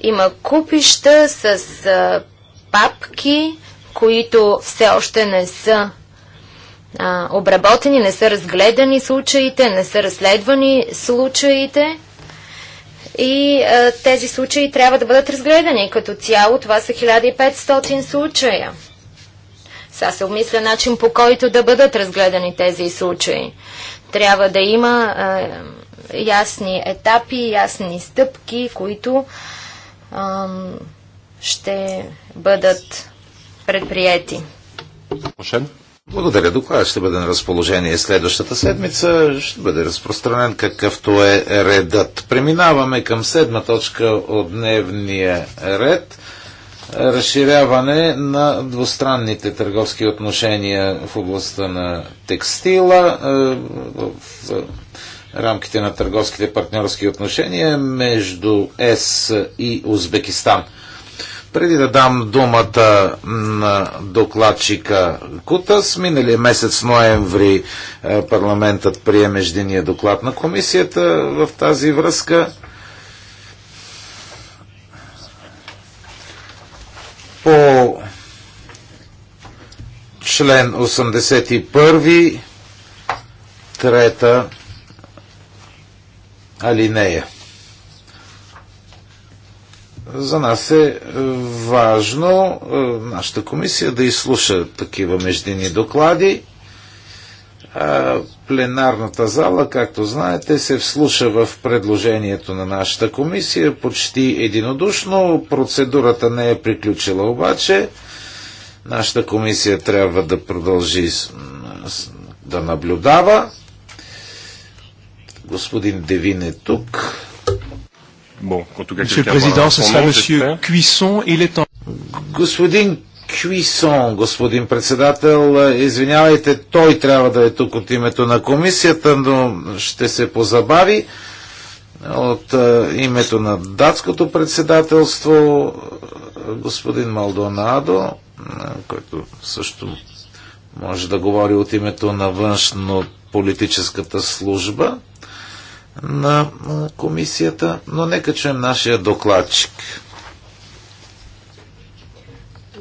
Има купища с а, папки, които все още не са а, обработени, не са разгледани случаите, не са разследвани случаите и а, е, тези случаи трябва да бъдат разгледани. Като цяло това са 1500 случая. Сега се обмисля начин по който да бъдат разгледани тези случаи. Трябва да има а, е, ясни етапи, ясни стъпки, които а, ще бъдат предприяти. Благодаря. Докладът ще бъде на разположение следващата седмица. Ще бъде разпространен какъвто е редът. Преминаваме към седма точка от дневния ред. Разширяване на двустранните търговски отношения в областта на текстила, е, е, в рамките на търговските партньорски отношения между ЕС и Узбекистан. Преди да дам думата на докладчика Кутас, миналия месец ноември е, парламентът прие междиния доклад на комисията в тази връзка. По член 81, трета алинея. За нас е, е важно е, нашата комисия да изслуша такива междинни доклади. Е, пленарната зала, както знаете, се вслуша в предложението на нашата комисия почти единодушно. Процедурата не е приключила обаче. Нашата комисия трябва да продължи да наблюдава. Господин Девин е тук. Bon, en tout cas, Monsieur le Président, ce sera Monsieur Cuisson. Il est en... Господин Квисон, господин председател, извинявайте, той трябва да е тук от името на комисията, но ще се позабави от е, името на датското председателство господин Малдонадо, е, който също може да говори от името на външно политическата служба на комисията, но нека чуем нашия докладчик.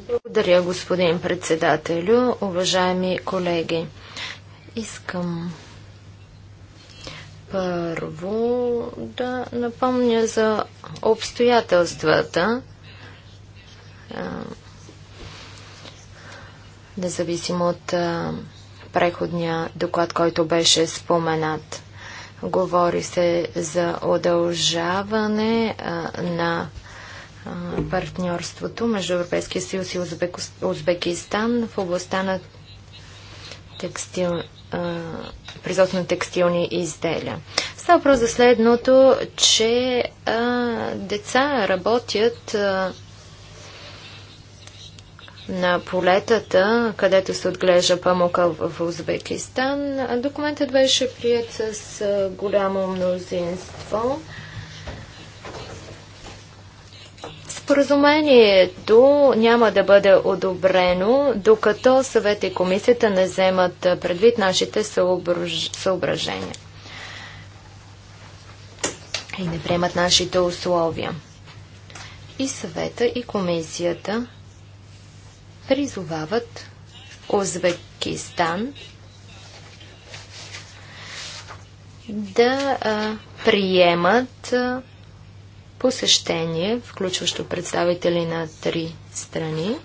Благодаря, господин председателю, уважаеми колеги. Искам първо да напомня за обстоятелствата, независимо от преходния доклад, който беше споменат. Говори се за удължаване а, на а, партньорството между Европейския съюз и Узбекистан в областта на текстил, производство на текстилни изделия. Става въпрос за следното, че а, деца работят а, на полетата, където се отглежда памука в Узбекистан. Документът беше прият с голямо мнозинство. Споразумението няма да бъде одобрено, докато съвет и комисията не вземат предвид нашите съображения и не приемат нашите условия. И съвета и комисията призовават Узбекистан да а, приемат а, посещение, включващо представители на три страни,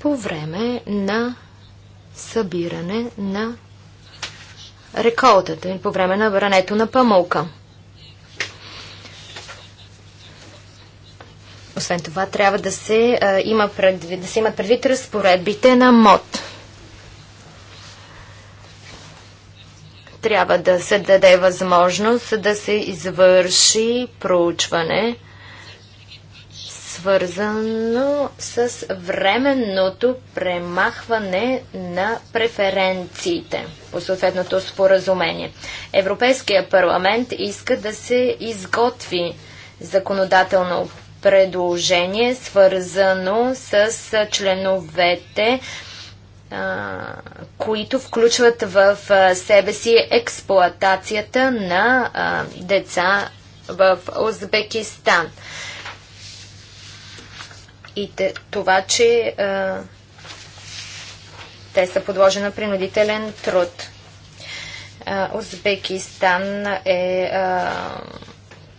по време на събиране на реколтата и по време на брането на памълка. Освен това, трябва да се, а, има предвид, да се имат предвид разпоредбите на МОД. Трябва да се даде възможност да се извърши проучване, свързано с временното премахване на преференциите по съответното споразумение. Европейския парламент иска да се изготви законодателно предложение, свързано с членовете, които включват в себе си експлоатацията на деца в Узбекистан. И това, че те са подложени на принудителен труд. Узбекистан е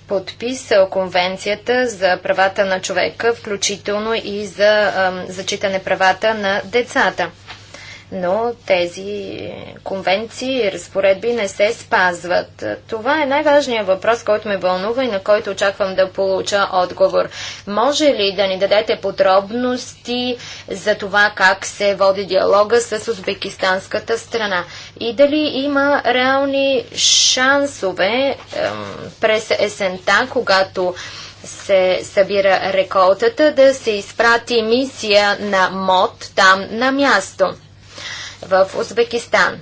подписал конвенцията за правата на човека, включително и за зачитане правата на децата но тези конвенции и разпоредби не се спазват. Това е най-важният въпрос, който ме вълнува и на който очаквам да получа отговор. Може ли да ни дадете подробности за това как се води диалога с узбекистанската страна? И дали има реални шансове ем, през есента, когато се събира реколтата, да се изпрати мисия на МОД там на място в Узбекистан.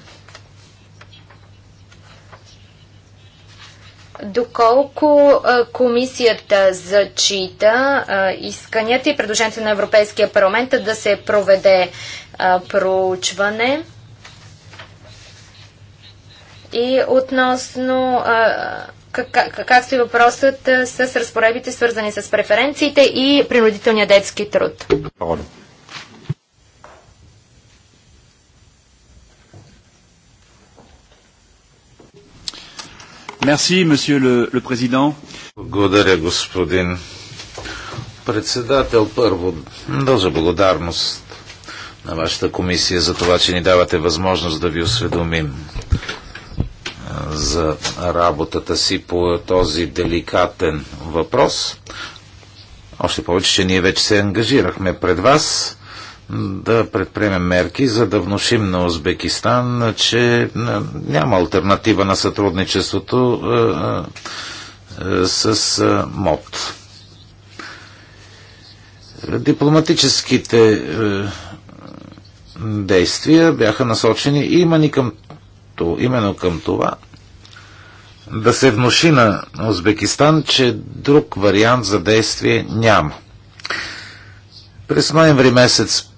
Доколко комисията зачита исканията и предложението на Европейския парламент да се проведе проучване и относно как, как стои въпросът с разпоредбите свързани с преференциите и принудителния детски труд. Merci, monsieur le, le président. Благодаря, господин председател. Първо, дължа благодарност на вашата комисия за това, че ни давате възможност да ви осведомим за работата си по този деликатен въпрос. Още повече, че ние вече се ангажирахме пред вас да предприемем мерки, за да внушим на Узбекистан, че няма альтернатива на сътрудничеството е, е, е, с МОД. Дипломатическите действия бяха насочени именно към, именно към това да се внуши на Узбекистан, че друг вариант за действие няма. През ноември месец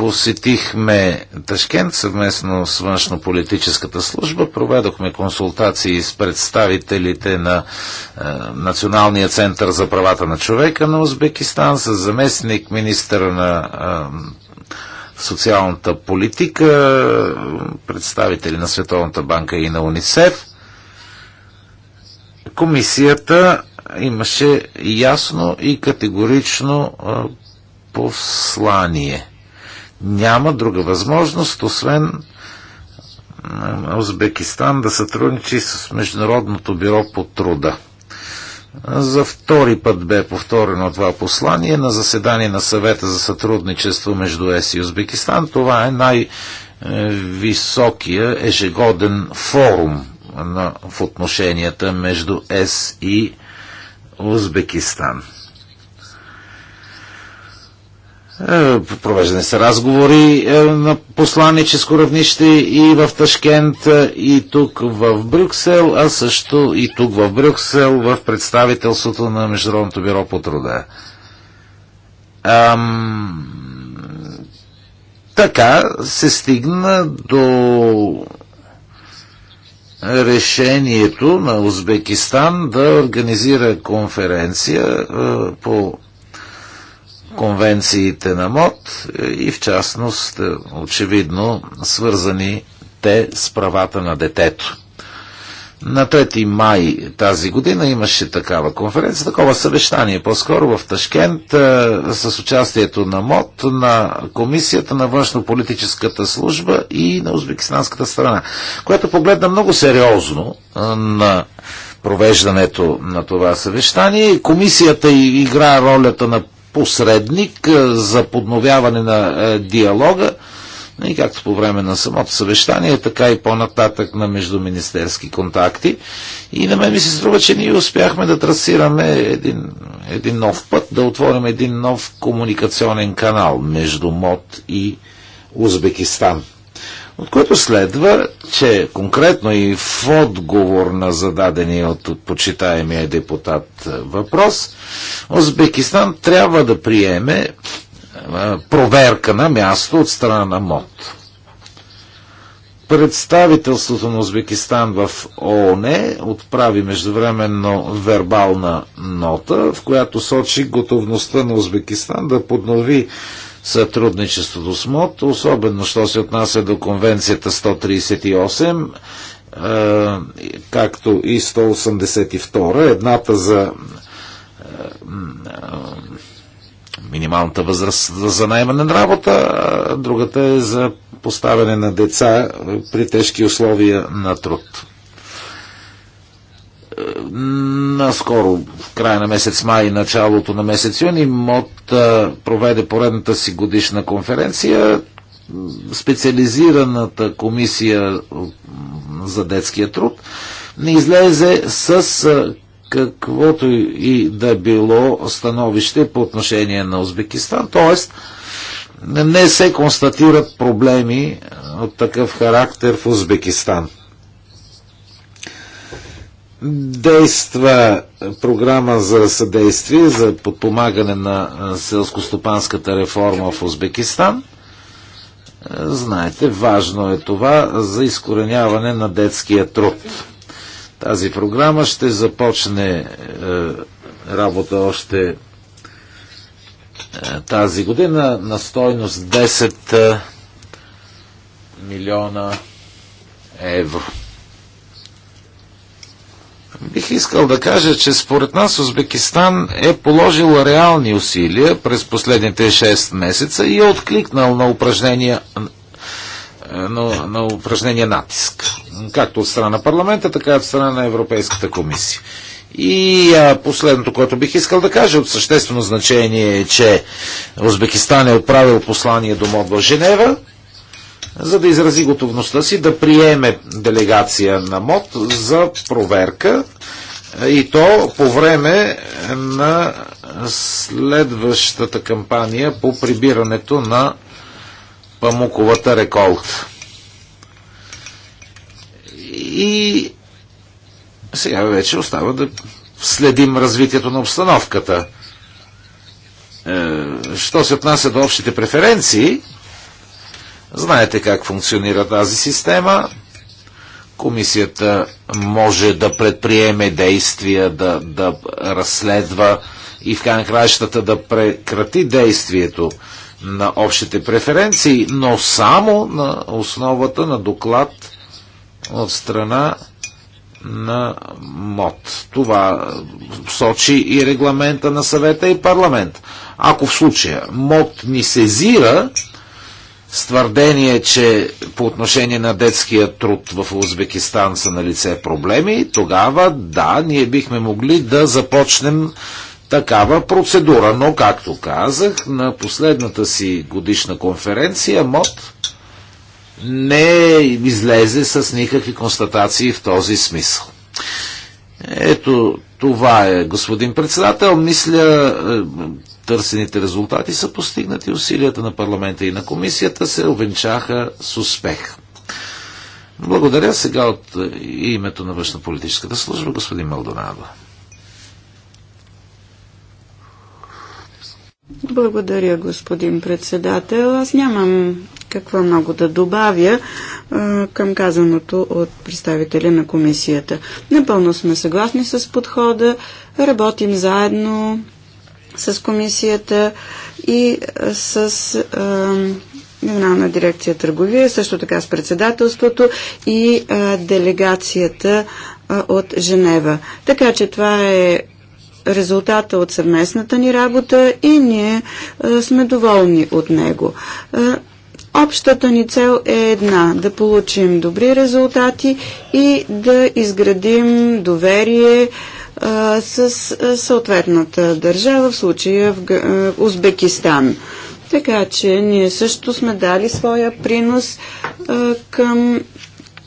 посетихме Ташкент съвместно с външно-политическата служба, проведохме консултации с представителите на е, Националния център за правата на човека на Узбекистан, с заместник министър на е, социалната политика, представители на Световната банка и на УНИСЕФ. Комисията имаше ясно и категорично е, послание – няма друга възможност, освен Узбекистан да сътрудничи с Международното бюро по труда. За втори път бе повторено това послание на заседание на съвета за сътрудничество между ЕС и Узбекистан. Това е най-високия ежегоден форум на, в отношенията между ЕС и Узбекистан. Е, Провеждане са разговори е, на посланическо равнище и в Ташкент, е, и тук в Брюксел, а също и тук в Брюксел в представителството на Международното бюро по труда. Ам... Така се стигна до решението на Узбекистан да организира конференция по конвенциите на МОД и в частност, е, очевидно, свързани те с правата на детето. На 3 май тази година имаше такава конференция, такова съвещание, по-скоро в Ташкент, е, с участието на МОД, на Комисията на външно-политическата служба и на узбекистанската страна, което погледна много сериозно е, на провеждането на това съвещание. Комисията играе ролята на посредник е, за подновяване на е, диалога, и както по време на самото съвещание, така и по-нататък на междуминистерски контакти. И на мен ми се струва, че ние успяхме да трасираме един, един нов път, да отворим един нов комуникационен канал между МОД и Узбекистан. От което следва, че конкретно и в отговор на зададения от почитаемия депутат е, въпрос, Узбекистан трябва да приеме е, проверка на място от страна на МОД. Представителството на Узбекистан в ООН отправи междувременно вербална нота, в която сочи готовността на Узбекистан да поднови сътрудничеството с МОД, особено що се отнася до конвенцията 138, е, както и 182, едната за е, е, минималната възраст за найемане на работа, другата е за поставяне на деца при тежки условия на труд. Е, наскоро, в края на месец май и началото на месец юни, МОД е, проведе поредната си годишна конференция. Специализираната комисия за детския труд не излезе с е, каквото и да било становище по отношение на Узбекистан. Тоест, не се констатират проблеми от такъв характер в Узбекистан действа програма за съдействие за подпомагане на селскостопанската реформа в Узбекистан. Е, знаете, важно е това за изкореняване на детския труд. Тази програма ще започне е, работа още е, тази година на стойност 10 е, милиона евро. Бих искал да кажа, че според нас Узбекистан е положил реални усилия през последните 6 месеца и е откликнал на упражнения на, на упражнения натиск. Както от страна на парламента, така и от страна на Европейската комисия. И а, последното, което бих искал да кажа от съществено значение е, че Узбекистан е отправил послание до Модва Женева за да изрази готовността си да приеме делегация на МОД за проверка и то по време на следващата кампания по прибирането на памуковата реколта. И сега вече остава да следим развитието на обстановката. Е, що се отнася до общите преференции, Знаете как функционира тази система. Комисията може да предприеме действия, да, да разследва и в край краищата да прекрати действието на общите преференции, но само на основата на доклад от страна на МОД. Това сочи и регламента на съвета и парламент. Ако в случая МОД ни сезира, с твърдение, че по отношение на детския труд в Узбекистан са на лице проблеми, тогава да, ние бихме могли да започнем такава процедура. Но, както казах, на последната си годишна конференция МОД не излезе с никакви констатации в този смисъл. Ето, това е, господин председател. Мисля, търсените резултати са постигнати. Усилията на парламента и на комисията се увенчаха с успех. Благодаря сега от е, името на външнополитическата служба, господин Малдонадо. Благодаря, господин председател. Аз нямам какво много да добавя а, е, към казаното от представителя на комисията. Напълно сме съгласни с подхода, работим заедно, с комисията и е, с е, Генерална дирекция търговия, също така с председателството и а, е, делегацията а, от Женева. Така че това е резултата от съвместната ни работа и ние а, сме доволни от него. А, общата ни цел е една да получим добри резултати и да изградим доверие а, с съответната държава, в случая в Узбекистан. Така че ние също сме дали своя принос а, към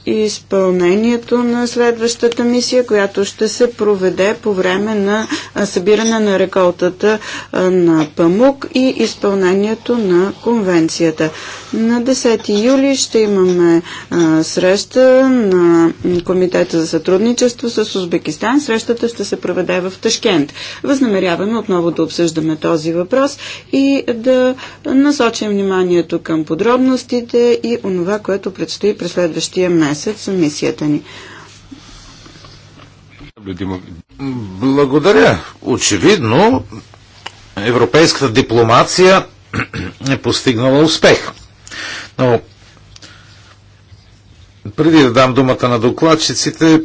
изпълнението на следващата мисия, която ще се проведе по време на събиране на реколтата на памук и изпълнението на конвенцията. На 10 юли ще имаме а, среща на Комитета за сътрудничество с Узбекистан. Срещата ще се проведе в Ташкент. Възнамеряваме отново да обсъждаме този въпрос и да насочим вниманието към подробностите и онова, което предстои през следващия месец мисията ни. Благодаря. Очевидно, европейската дипломация <clears throat> е постигнала успех. Но преди да дам думата на докладчиците,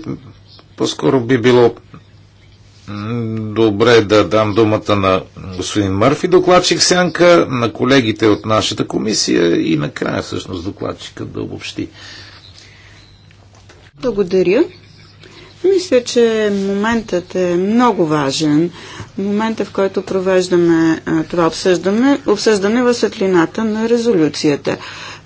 по-скоро би било добре да дам думата на господин Мърфи, докладчик Сянка, на колегите от нашата комисия и накрая всъщност докладчика да обобщи. Благодаря. Мисля, че моментът е много важен. Момента, в който провеждаме това обсъждане, обсъждане в светлината на резолюцията.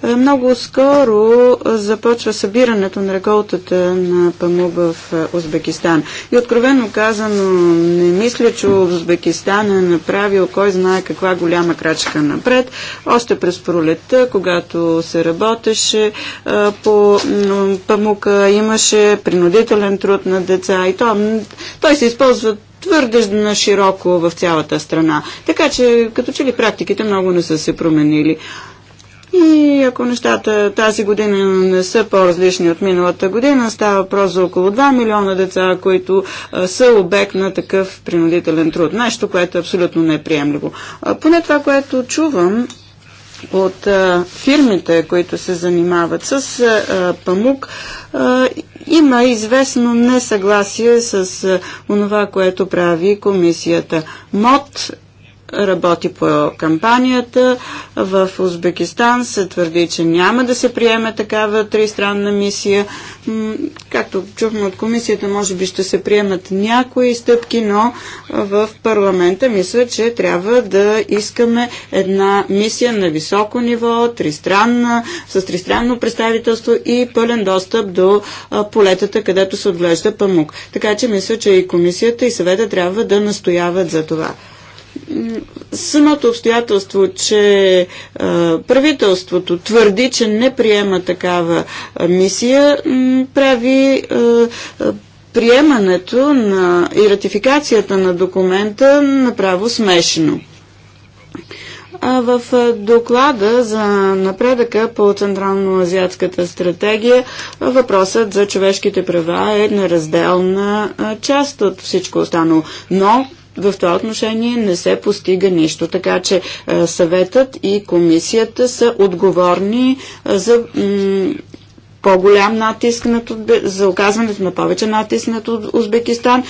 Много скоро започва събирането на реколтата на памук в е, Узбекистан. И откровено казано, не мисля, че Узбекистан е направил кой знае каква голяма крачка напред. Още през пролетта, когато се работеше е, по памука, имаше принудителен труд на деца и то, той се използва твърде на широко в цялата страна. Така че, като че ли практиките много не са се променили. И ако нещата тази година не са по-различни от миналата година, става въпрос за около 2 милиона деца, които са обект на такъв принудителен труд. Нещо, което е абсолютно неприемливо. поне това, което чувам от фирмите, които се занимават с памук, има известно несъгласие с това, онова, което прави комисията. МОД работи по кампанията. В Узбекистан се твърди, че няма да се приеме такава тристранна мисия. Както чухме от комисията, може би ще се приемат някои стъпки, но в парламента мисля, че трябва да искаме една мисия на високо ниво, тристранна, с тристранно представителство и пълен достъп до полетата, където се отглежда памук. Така че мисля, че и комисията и съвета трябва да настояват за това самото обстоятелство, че правителството твърди, че не приема такава мисия, прави приемането на и ратификацията на документа направо смешно. В доклада за напредъка по Централно-Азиатската стратегия въпросът за човешките права е неразделна част от всичко останало. Но в това отношение не се постига нищо. Така че съветът и комисията са отговорни за по-голям натиск на, за оказването на повече натиск на Узбекистан,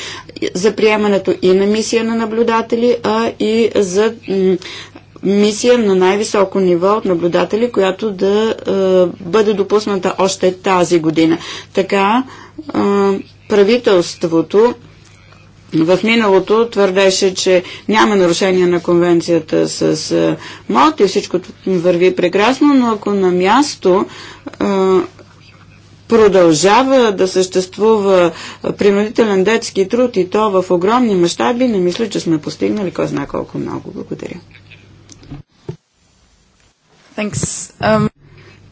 за приемането и на мисия на наблюдатели, а и за мисия на най-високо ниво от наблюдатели, която да е, бъде допусната още тази година. Така е, правителството в миналото твърдеше, че няма нарушение на конвенцията с е, МОД и всичко върви прекрасно, но ако на място е, продължава да съществува принудителен детски труд и то в огромни мащаби, не мисля, че сме постигнали кой знае колко много. Благодаря. Um...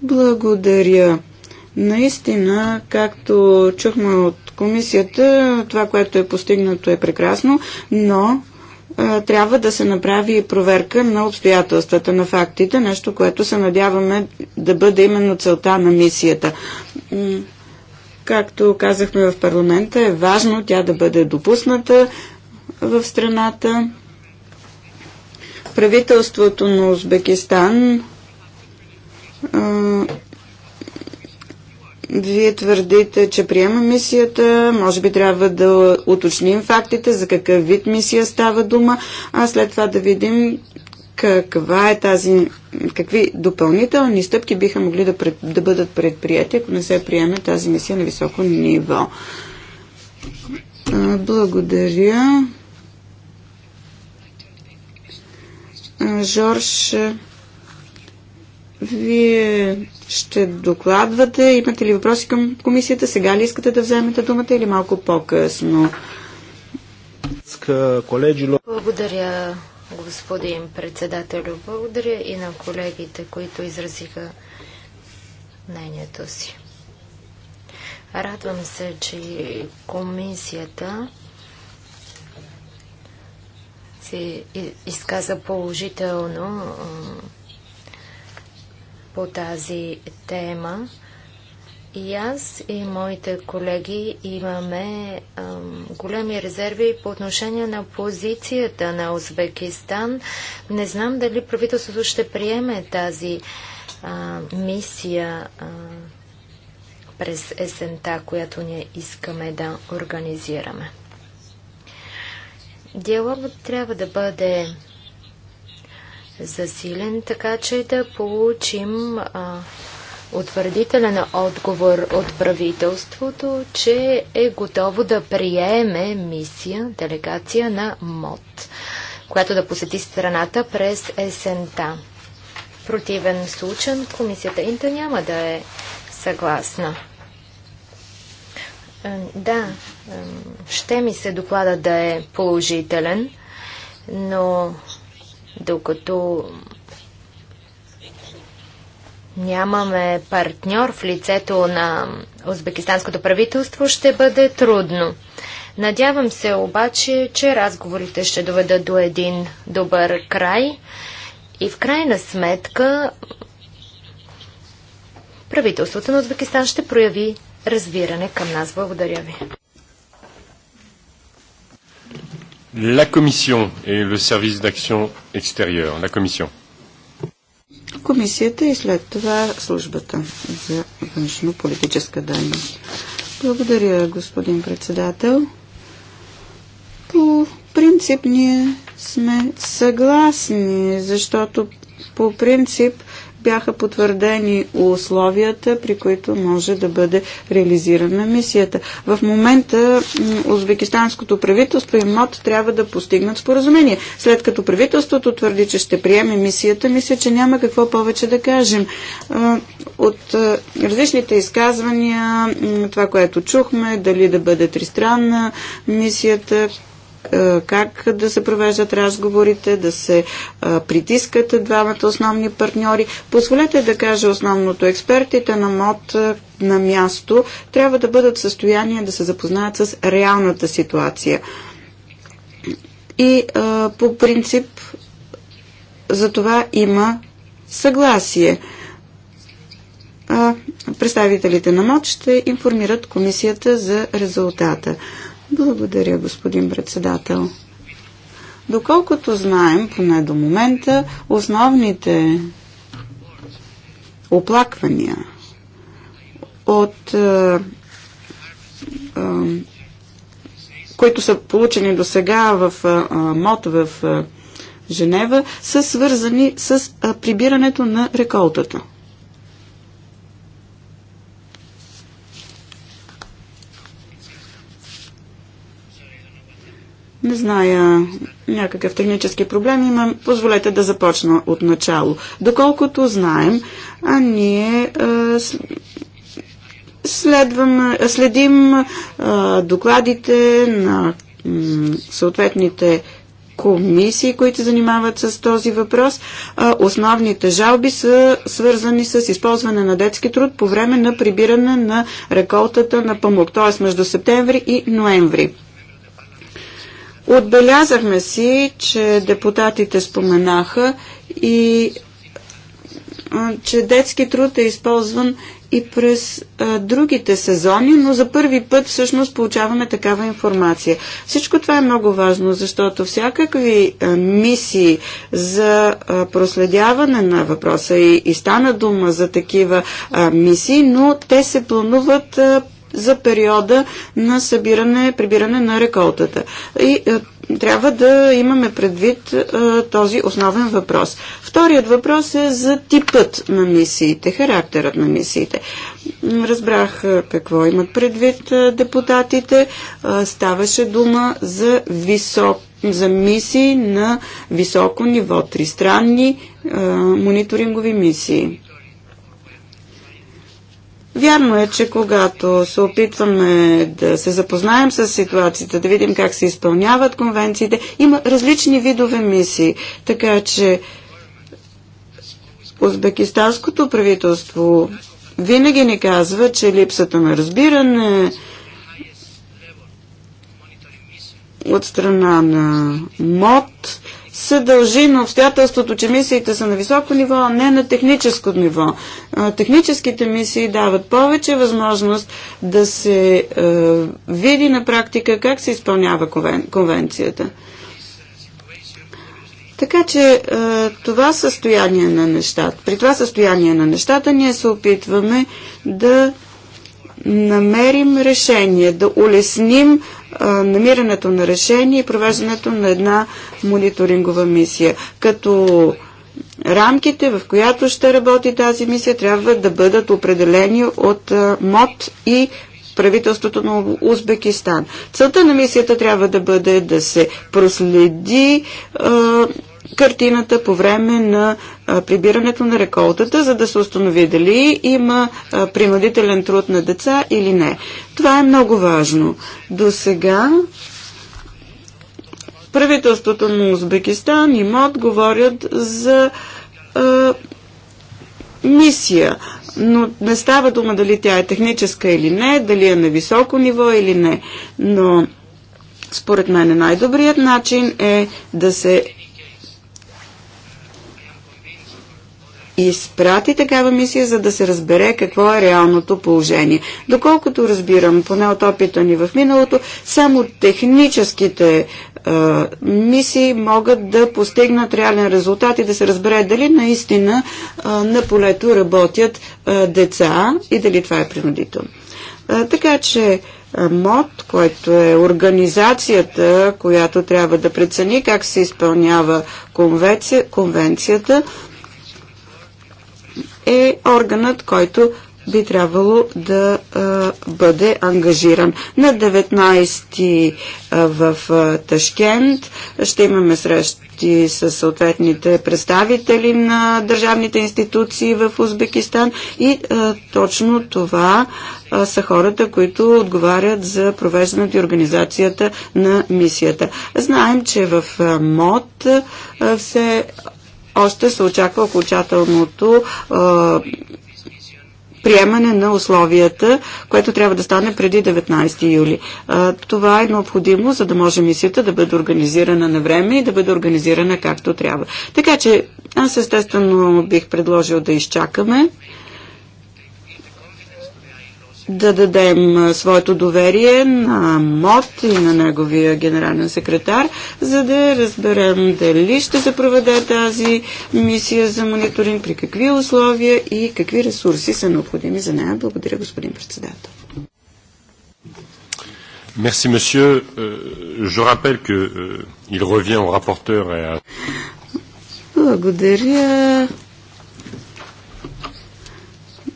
Благодаря. Наистина, както чухме от комисията, това, което е постигнато е прекрасно, но трябва да се направи проверка на обстоятелствата, на фактите, нещо, което се надяваме да бъде именно целта на мисията. Както казахме в парламента, е важно тя да бъде допусната в страната. Правителството на Узбекистан вие твърдите, че приема мисията, може би трябва да уточним фактите, за какъв вид мисия става дума, а след това да видим каква е тази, какви допълнителни стъпки биха могли да, пред, да бъдат предприяти, ако не се приеме тази мисия на високо ниво. Благодаря. Жорж. Вие ще докладвате, имате ли въпроси към комисията, сега ли искате да вземете думата или малко по-късно? Благодаря, господин председател. Благодаря и на колегите, които изразиха мнението си. Радвам се, че комисията си изказа положително по тази тема. И аз и моите колеги имаме ам, големи резерви по отношение на позицията на Узбекистан. Не знам дали правителството ще приеме тази а, мисия а, през есента, която ние искаме да организираме. Диалогът трябва да бъде засилен, така че да получим а, утвърдителен отговор от правителството, че е готово да приеме мисия, делегация на МОД, която да посети страната през есента. В противен случай комисията Инта няма да е съгласна. Е, да, е, ще ми се доклада да е положителен, но докато нямаме партньор в лицето на узбекистанското правителство, ще бъде трудно. Надявам се обаче, че разговорите ще доведат до един добър край и в крайна сметка правителството на Узбекистан ще прояви разбиране към нас. Благодаря ви. La Commission et le service d'action extérieure. La Commission. Комисията и след това службата за външно-политическа дейност. Благодаря, господин председател. По принцип ние сме съгласни, защото по принцип бяха потвърдени условията, при които може да бъде реализирана мисията. В момента узбекистанското правителство и МОД трябва да постигнат споразумение. След като правителството твърди, че ще приеме мисията, мисля, че няма какво повече да кажем. От различните изказвания, това, което чухме, дали да бъде тристранна мисията, е, как да се провеждат разговорите, да се е, притискат двамата основни партньори. Позволете да кажа основното. Експертите на МОД е, на място трябва да бъдат в състояние да се запознаят с реалната ситуация. И по принцип за това има съгласие. Представителите на МОД ще информират комисията за резултата. Благодаря, господин председател. Доколкото знаем, поне до момента, основните оплаквания от е, е, които са получени до сега в е, е МОТ в е, Женева, са свързани с е, прибирането на реколтата. Не зная някакъв технически проблем имам. Позволете да започна от начало. Доколкото знаем, а ние е, следвам, следим е, докладите на съответните комисии, които се занимават с този въпрос. Е, основните жалби са свързани с използване на детски труд по време на прибиране на реколтата на памук, т.е. между септември и ноември. Отбелязахме си, че депутатите споменаха и че детски труд е използван и през а, другите сезони, но за първи път всъщност получаваме такава информация. Всичко това е много важно, защото всякакви а, мисии за а, проследяване на въпроса и, и стана дума за такива а, мисии, но те се плануват а, за периода на събиране, прибиране на реколтата. И е, трябва да имаме предвид е, този основен въпрос. Вторият въпрос е за типът на мисиите, характерът на мисиите. Разбрах е, какво имат предвид е, депутатите. Е, ставаше дума за висок за мисии на високо ниво, тристранни а, е, мониторингови мисии. Вярно е, че когато се опитваме да се запознаем с ситуацията, да видим как се изпълняват конвенциите, има различни видове мисии, така че узбекистанското правителство винаги ни казва, че липсата на разбиране от страна на МОД се дължи на обстоятелството, че мисиите са на високо ниво, а не на техническо ниво. Техническите мисии дават повече възможност да се е, види на практика как се изпълнява конвен, конвенцията. Така че е, това състояние на нещата, при това състояние на нещата ние се опитваме да намерим решение, да улесним намирането на решение и провеждането на една мониторингова мисия. Като рамките, в която ще работи тази мисия, трябва да бъдат определени от МОД и правителството на Узбекистан. Целта на мисията трябва да бъде да се проследи картината по време на прибирането на реколтата, за да се установи дали има принудителен труд на деца или не. Това е много важно. До сега правителството на Узбекистан и МОД говорят за а, мисия, но не става дума дали тя е техническа или не, дали е на високо ниво или не. Но според мен най-добрият начин е да се изпрати такава мисия, за да се разбере какво е реалното положение. Доколкото разбирам, поне от опита ни в миналото, само техническите е, мисии могат да постигнат реален резултат и да се разбере дали наистина е, на полето работят е, деца и дали това е принудително. Е, така че е, МОД, който е организацията, която трябва да прецени как се изпълнява конвенция, конвенцията, е органът, който би трябвало да а, бъде ангажиран. На 19 а, в а, Ташкент ще имаме срещи с съответните представители на държавните институции в Узбекистан и а, точно това а, са хората, които отговарят за провеждането и организацията на мисията. Знаем, че в а, МОД а, все още се очаква окончателното приемане на условията, което трябва да стане преди 19 юли. Това е необходимо, за да може мисията да бъде организирана на време и да бъде организирана както трябва. Така че аз естествено бих предложил да изчакаме да дадем своето доверие на МОД и на неговия генерален секретар, за да разберем дали ще се проведе тази мисия за мониторинг, при какви условия и какви ресурси са необходими за нея. Благодаря, господин председател. Merci, monsieur. Euh, je rappelle que euh, il revient au rapporteur et à... Благодаря.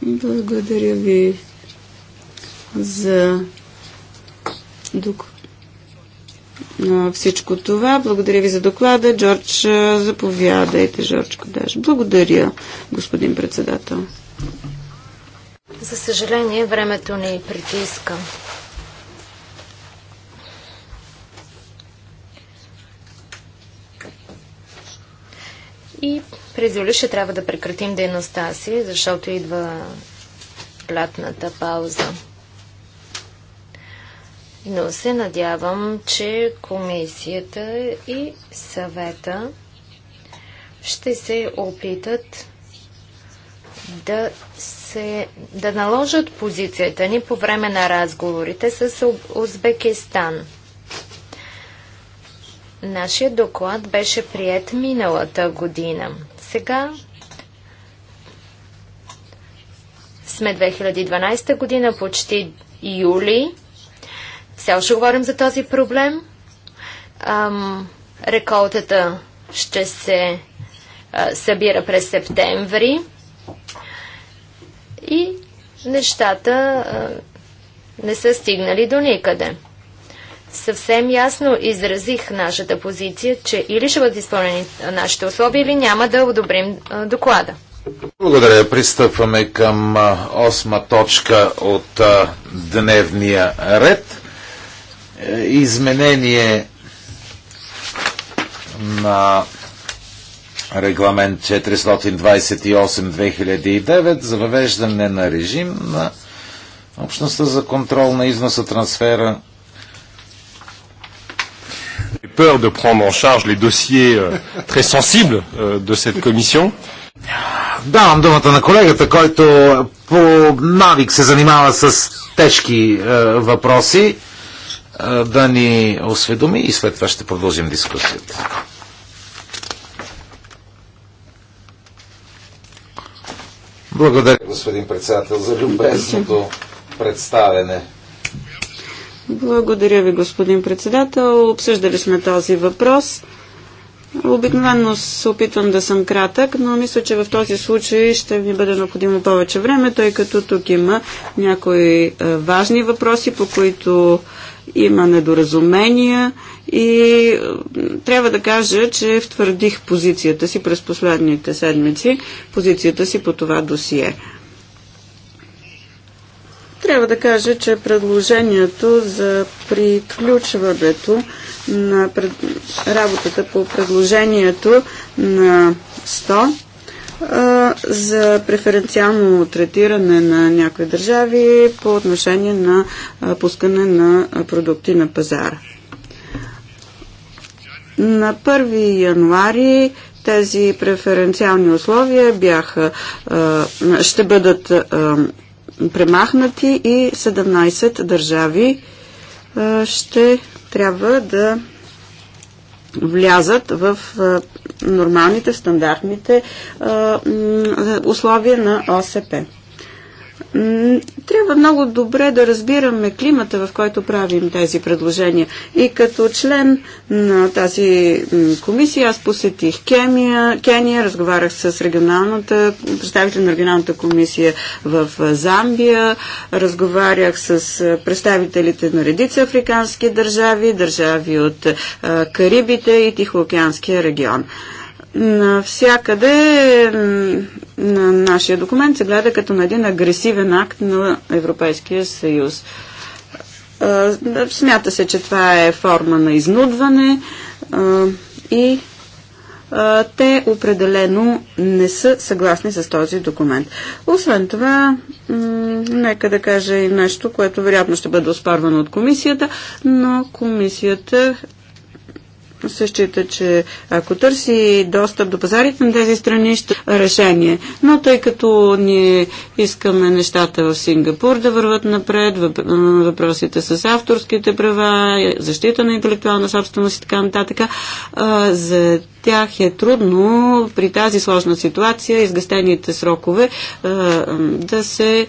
Благодаря ви, за всичко това. Благодаря ви за доклада. Джордж, заповядайте, Джордж Кодаш. Благодаря, господин председател. За съжаление, времето ни притиска. И през юли ще трябва да прекратим дейността си, защото идва лятната пауза. Но се надявам, че комисията и съвета ще се опитат да, се, да наложат позицията ни по време на разговорите с Узбекистан. Нашия доклад беше прият миналата година. Сега сме 2012 година, почти юли. Все още говорим за този проблем. Ам, реколтата ще се а, събира през септември и нещата а, не са стигнали до никъде. Съвсем ясно изразих нашата позиция, че или ще бъдат изпълнени нашите условия, или няма да одобрим а, доклада. Благодаря. Пристъпваме към осма точка от а, дневния ред. Е, изменение на регламент 428-2009 за въвеждане на режим на общността за контрол на износа трансфера peur de prendre en charge les dossiers euh, très sensibles euh, de cette commission. Давам думата на колегата, който по навик се занимава с тежки е, въпроси да ни осведоми и след това ще продължим дискусията. Благодаря, господин председател, за любезното представене. Благодаря ви, господин председател. Обсъждали сме този въпрос. Обикновено се опитвам да съм кратък, но мисля, че в този случай ще ми бъде необходимо повече време, тъй като тук има някои е, важни въпроси, по които има недоразумения и трябва да кажа, че втвърдих позицията си през последните седмици, позицията си по това досие. Трябва да кажа, че предложението за приключването на пред... работата по предложението на за преференциално третиране на някои държави по отношение на пускане на продукти на пазара. На 1 януари тези преференциални условия бяха, ще бъдат премахнати и 17 държави ще трябва да влязат в нормалните, стандартните условия на ОСП. Трябва много добре да разбираме климата, в който правим тези предложения. И като член на тази комисия аз посетих Кения, Кения, разговарях с регионалната, представител на регионалната комисия в Замбия, разговарях с представителите на редица африкански държави, държави от Карибите и Тихоокеанския регион. Навсякъде на нашия документ се гледа като на един агресивен акт на Европейския съюз. Смята се, че това е форма на изнудване и те определено не са съгласни с този документ. Освен това, нека да кажа и нещо, което вероятно ще бъде оспарвано от комисията, но комисията се счита, че ако търси достъп до пазарите на тези страни, ще решение. Но тъй като ние искаме нещата в Сингапур да върват напред, въпросите с авторските права, защита на интелектуална собственост и така нататък, за тях е трудно при тази сложна ситуация, изгъстените срокове, да се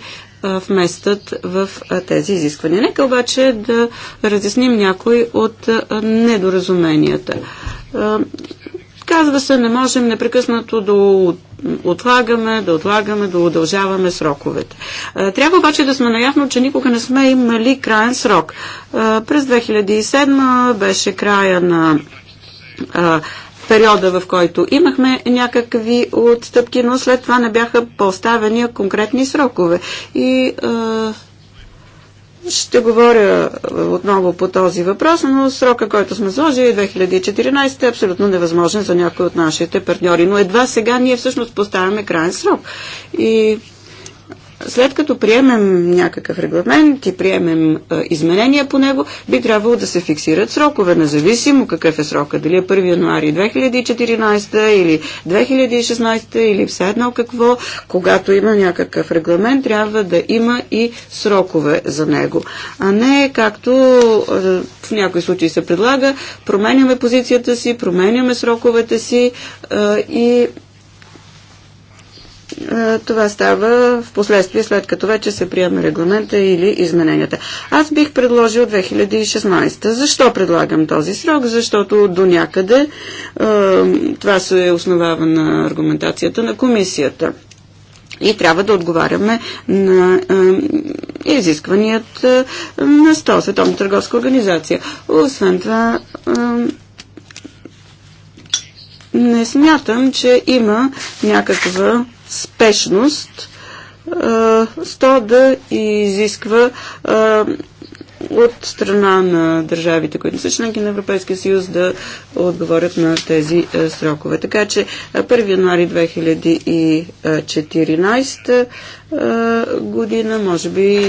вместят в тези изисквания. Нека обаче да разясним някои от недоразуменията. Казва се, не можем непрекъснато да отлагаме, да отлагаме, да удължаваме сроковете. Трябва обаче да сме наясно, че никога не сме имали крайен срок. През 2007 беше края на периода, в който имахме някакви отстъпки, но след това не бяха поставени конкретни срокове. И е, ще говоря отново по този въпрос, но срока, който сме сложили 2014 е абсолютно невъзможен за някои от нашите партньори. Но едва сега ние всъщност поставяме крайен срок. И след като приемем някакъв регламент и приемем а, е, изменения по него, би трябвало да се фиксират срокове, независимо какъв е срока, дали е 1 януари 2014 или 2016 или все едно какво, когато има някакъв регламент, трябва да има и срокове за него. А не както а, е, в някои случаи се предлага, променяме позицията си, променяме сроковете си а, е, и това става в последствие, след като вече се приема регламента или измененията. Аз бих предложил 2016. Защо предлагам този срок? Защото до някъде това се е основава на аргументацията на комисията. И трябва да отговаряме на е, изискванията на 100 Световна търговска организация. Освен това, е, не смятам, че има някаква спешност, с то да изисква от страна на държавите, които са членки на Европейския съюз, да отговорят на тези срокове. Така че 1 януари 2014 година, може би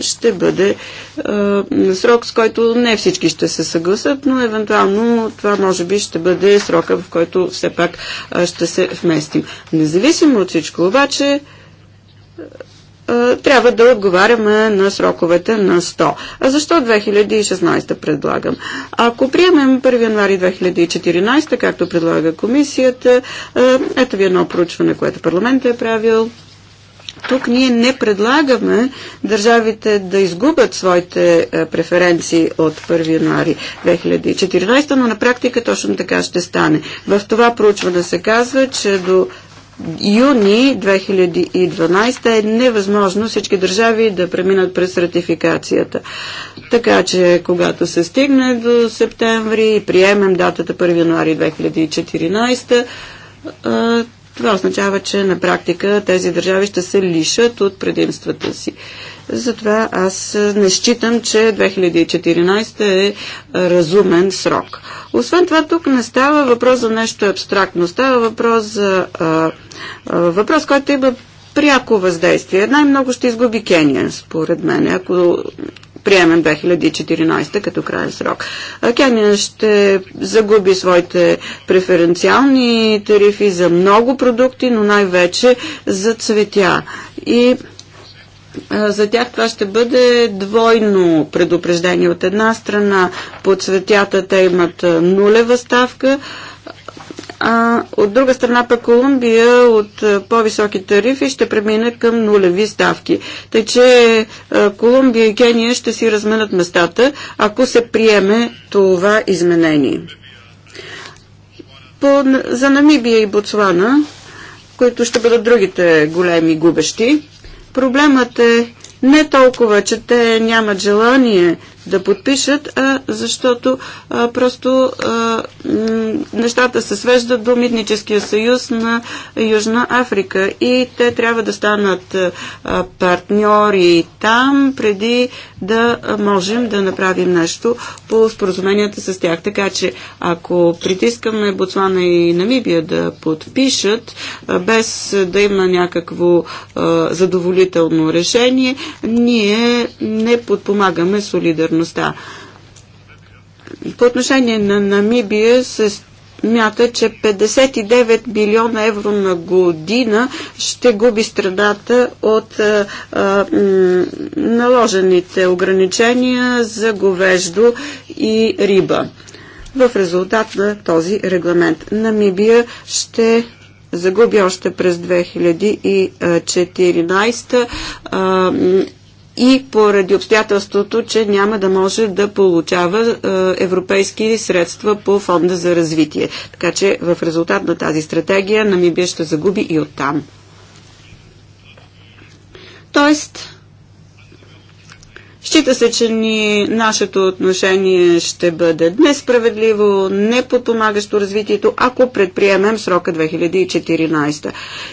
ще бъде срок, с който не всички ще се съгласат, но евентуално това може би ще бъде срока, в който все пак ще се вместим. Независимо от всичко, обаче, трябва да отговаряме на сроковете на 100. А защо 2016 предлагам? Ако приемем 1 януари 2014, както предлага комисията, ето ви едно проучване, което парламентът е правил тук ние не предлагаме държавите да изгубят своите е, преференции от 1 януари 2014, но на практика точно така ще стане. В това проучване се казва, че до юни 2012 е невъзможно всички държави да преминат през ратификацията. Така че, когато се стигне до септември и приемем датата 1 януари 2014, това означава, че на практика тези държави ще се лишат от предимствата си. Затова аз не считам, че 2014 е разумен срок. Освен това, тук не става въпрос за нещо абстрактно. Става въпрос за а, а, въпрос, който има пряко въздействие. Най-много ще изгуби Кения, според мен, ако приемем 2014 като крайен срок. Кения ще загуби своите преференциални тарифи за много продукти, но най-вече за цветя. И за тях това ще бъде двойно предупреждение. От една страна по цветята те имат нулева ставка, а от друга страна пък Колумбия от по-високи тарифи ще премине към нулеви ставки. Тъй, че Колумбия и Кения ще си разменят местата, ако се приеме това изменение. По, за Намибия и Ботсвана, които ще бъдат другите големи губещи, проблемът е не толкова, че те нямат желание да подпишат, а, защото а, просто а, нещата се свеждат до Митническия съюз на Южна Африка и те трябва да станат а, партньори там, преди да можем да направим нещо по споразуменията с тях. Така че, ако притискаме Ботсвана и Намибия да подпишат, а, без да има някакво а, задоволително решение, ние не подпомагаме солидарно сигурността. По отношение на Намибия се мята, че 59 билиона евро на година ще губи страдата от а, а, наложените ограничения за говеждо и риба. В резултат на този регламент Намибия ще загуби още през 2014 а, и поради обстоятелството, че няма да може да получава е, европейски средства по фонда за развитие. Така че в резултат на тази стратегия Намибия ще загуби и оттам. Тоест, Счита се, че ни, нашето отношение ще бъде несправедливо, подпомагащо развитието, ако предприемем срока 2014.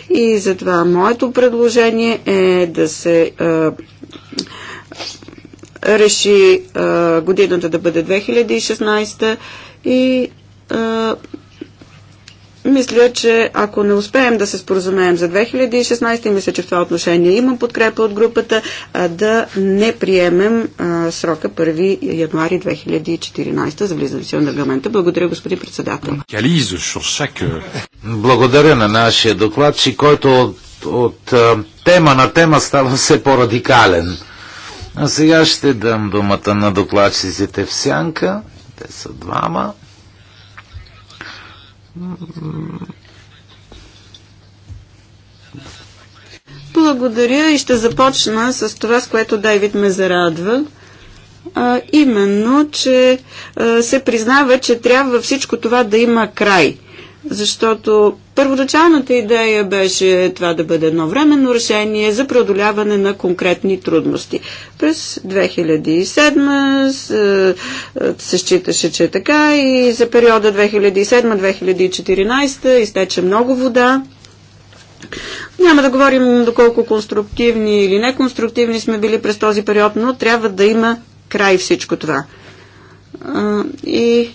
И затова моето предложение е да се е, реши е, годината да бъде 2016 и мисля, че ако не успеем да се споразумеем за 2016, мисля, че в това отношение имам подкрепа от групата, да не приемем срока 1 януари 2014 за влизане в на регламента. Благодаря, господин председател. Благодаря на нашия доклад, си, който от, от тема на тема става все по-радикален. А сега ще дам думата на докладчиците в сянка. Те са двама. Благодаря и ще започна с това, с което Дайвид ме зарадва. А, именно, че а, се признава, че трябва всичко това да има край. Защото първоначалната идея беше това да бъде едно временно решение за преодоляване на конкретни трудности. През 2007 се, е, е, се считаше, че е така и за периода 2007-2014 изтече много вода. Няма да говорим доколко конструктивни или неконструктивни сме били през този период, но трябва да има край всичко това. И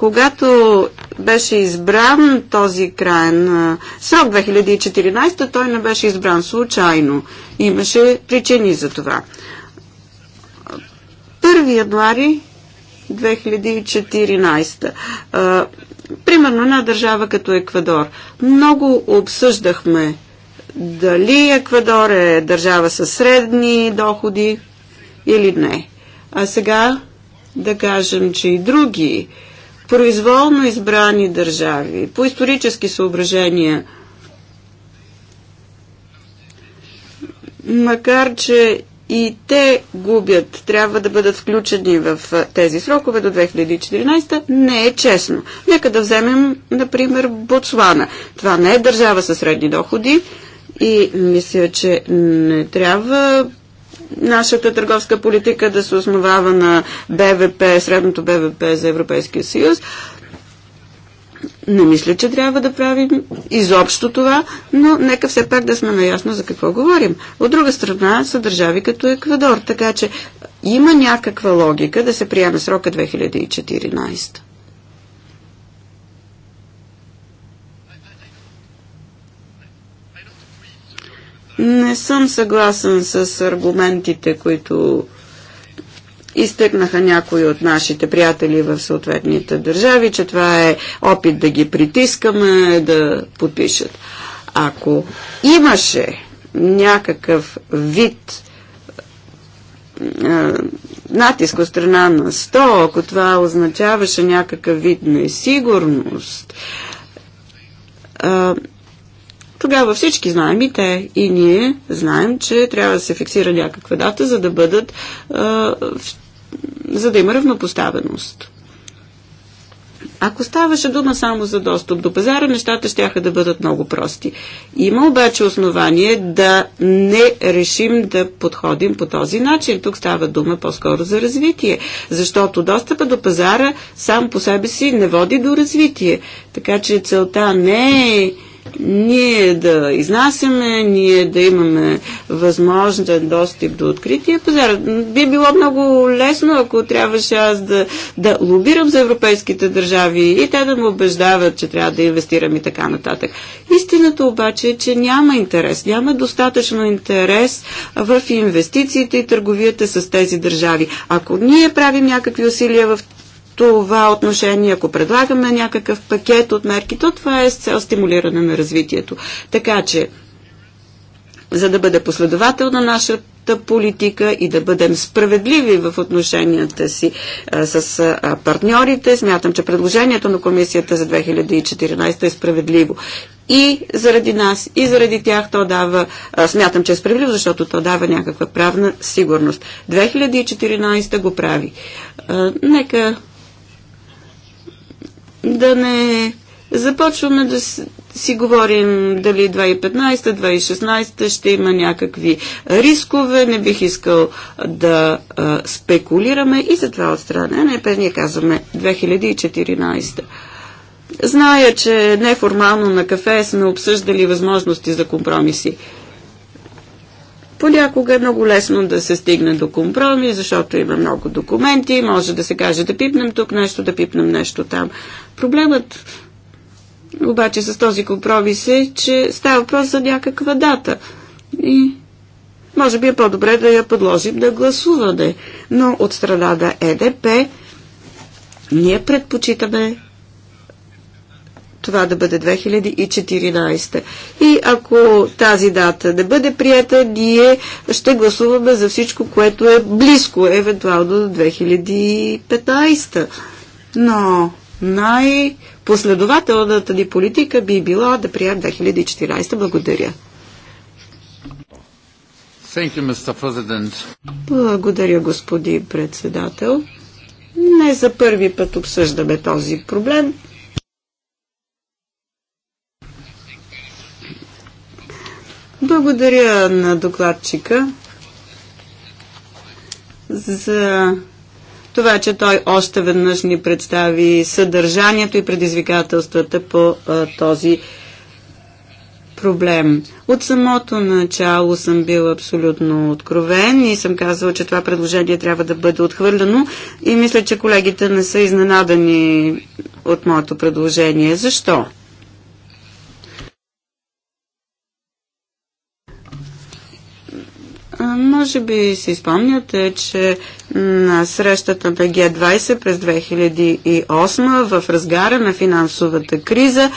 когато беше избран този краен срок 2014, той не беше избран случайно. Имаше причини за това. 1 януари 2014. примерно на държава като Еквадор. Много обсъждахме дали Еквадор е държава със средни доходи или не. А сега да кажем, че и други произволно избрани държави, по исторически съображения. Макар, че и те губят, трябва да бъдат включени в тези срокове до 2014, не е честно. Нека да вземем, например, Ботсвана. Това не е държава със средни доходи и мисля, че не трябва нашата търговска политика да се основава на БВП, средното БВП за Европейския съюз. Не мисля, че трябва да правим изобщо това, но нека все пак да сме наясно за какво говорим. От друга страна са държави като Еквадор, така че има някаква логика да се приеме срока 2014. Не съм съгласен с аргументите, които изтъкнаха някои от нашите приятели в съответните държави, че това е опит да ги притискаме да подпишат. Ако имаше някакъв вид е, натиск от страна на 100, ако това означаваше някакъв вид несигурност, е, тогава всички знаем и те, и ние знаем, че трябва да се фиксира някаква дата, за да бъдат, а, за да има равнопоставеност. Ако ставаше дума само за достъп до пазара, нещата ще да бъдат много прости. Има обаче основание да не решим да подходим по този начин. Тук става дума по-скоро за развитие, защото достъпа до пазара сам по себе си не води до развитие. Така че целта не е ние да изнасяме, ние да имаме възможен достиг до открития пазар. Би било много лесно, ако трябваше аз да, да лобирам за европейските държави и те да му убеждават, че трябва да инвестирам и така нататък. Истината обаче е, че няма интерес. Няма достатъчно интерес в инвестициите и търговията с тези държави. Ако ние правим някакви усилия в това отношение, ако предлагаме някакъв пакет от мерки, то това е с цел стимулиране на развитието. Така че, за да бъде последователна нашата политика и да бъдем справедливи в отношенията си а, с а, партньорите, смятам, че предложението на комисията за 2014 е справедливо. И заради нас, и заради тях то дава, а, смятам, че е справедливо, защото то дава някаква правна сигурност. 2014 го прави. А, нека да не започваме да си говорим дали 2015-2016 ще има някакви рискове, не бих искал да а, спекулираме и това от страна Не, пе, ние казваме 2014. Зная, че неформално на кафе сме обсъждали възможности за компромиси. Понякога е много лесно да се стигне до компромис, защото има много документи, може да се каже да пипнем тук нещо, да пипнем нещо там. Проблемът обаче с този компромис е, че става въпрос за някаква дата. И може би е по-добре да я подложим на да гласуване. Но от страна на ЕДП ние предпочитаме това да бъде 2014. И ако тази дата не бъде прията, ние ще гласуваме за всичко, което е близко, евентуално до 2015. Но най-последователната ни политика би била да прием 2014. Благодаря. Thank you, Mr. President. Благодаря, господин председател. Не за първи път обсъждаме този проблем. Благодаря на докладчика за това, че той още веднъж ни представи съдържанието и предизвикателствата по а, този проблем. От самото начало съм бил абсолютно откровен и съм казал, че това предложение трябва да бъде отхвърлено и мисля, че колегите не са изненадани от моето предложение. Защо? Може би си спомняте, че на срещата на Г20 през 2008 в разгара на финансовата криза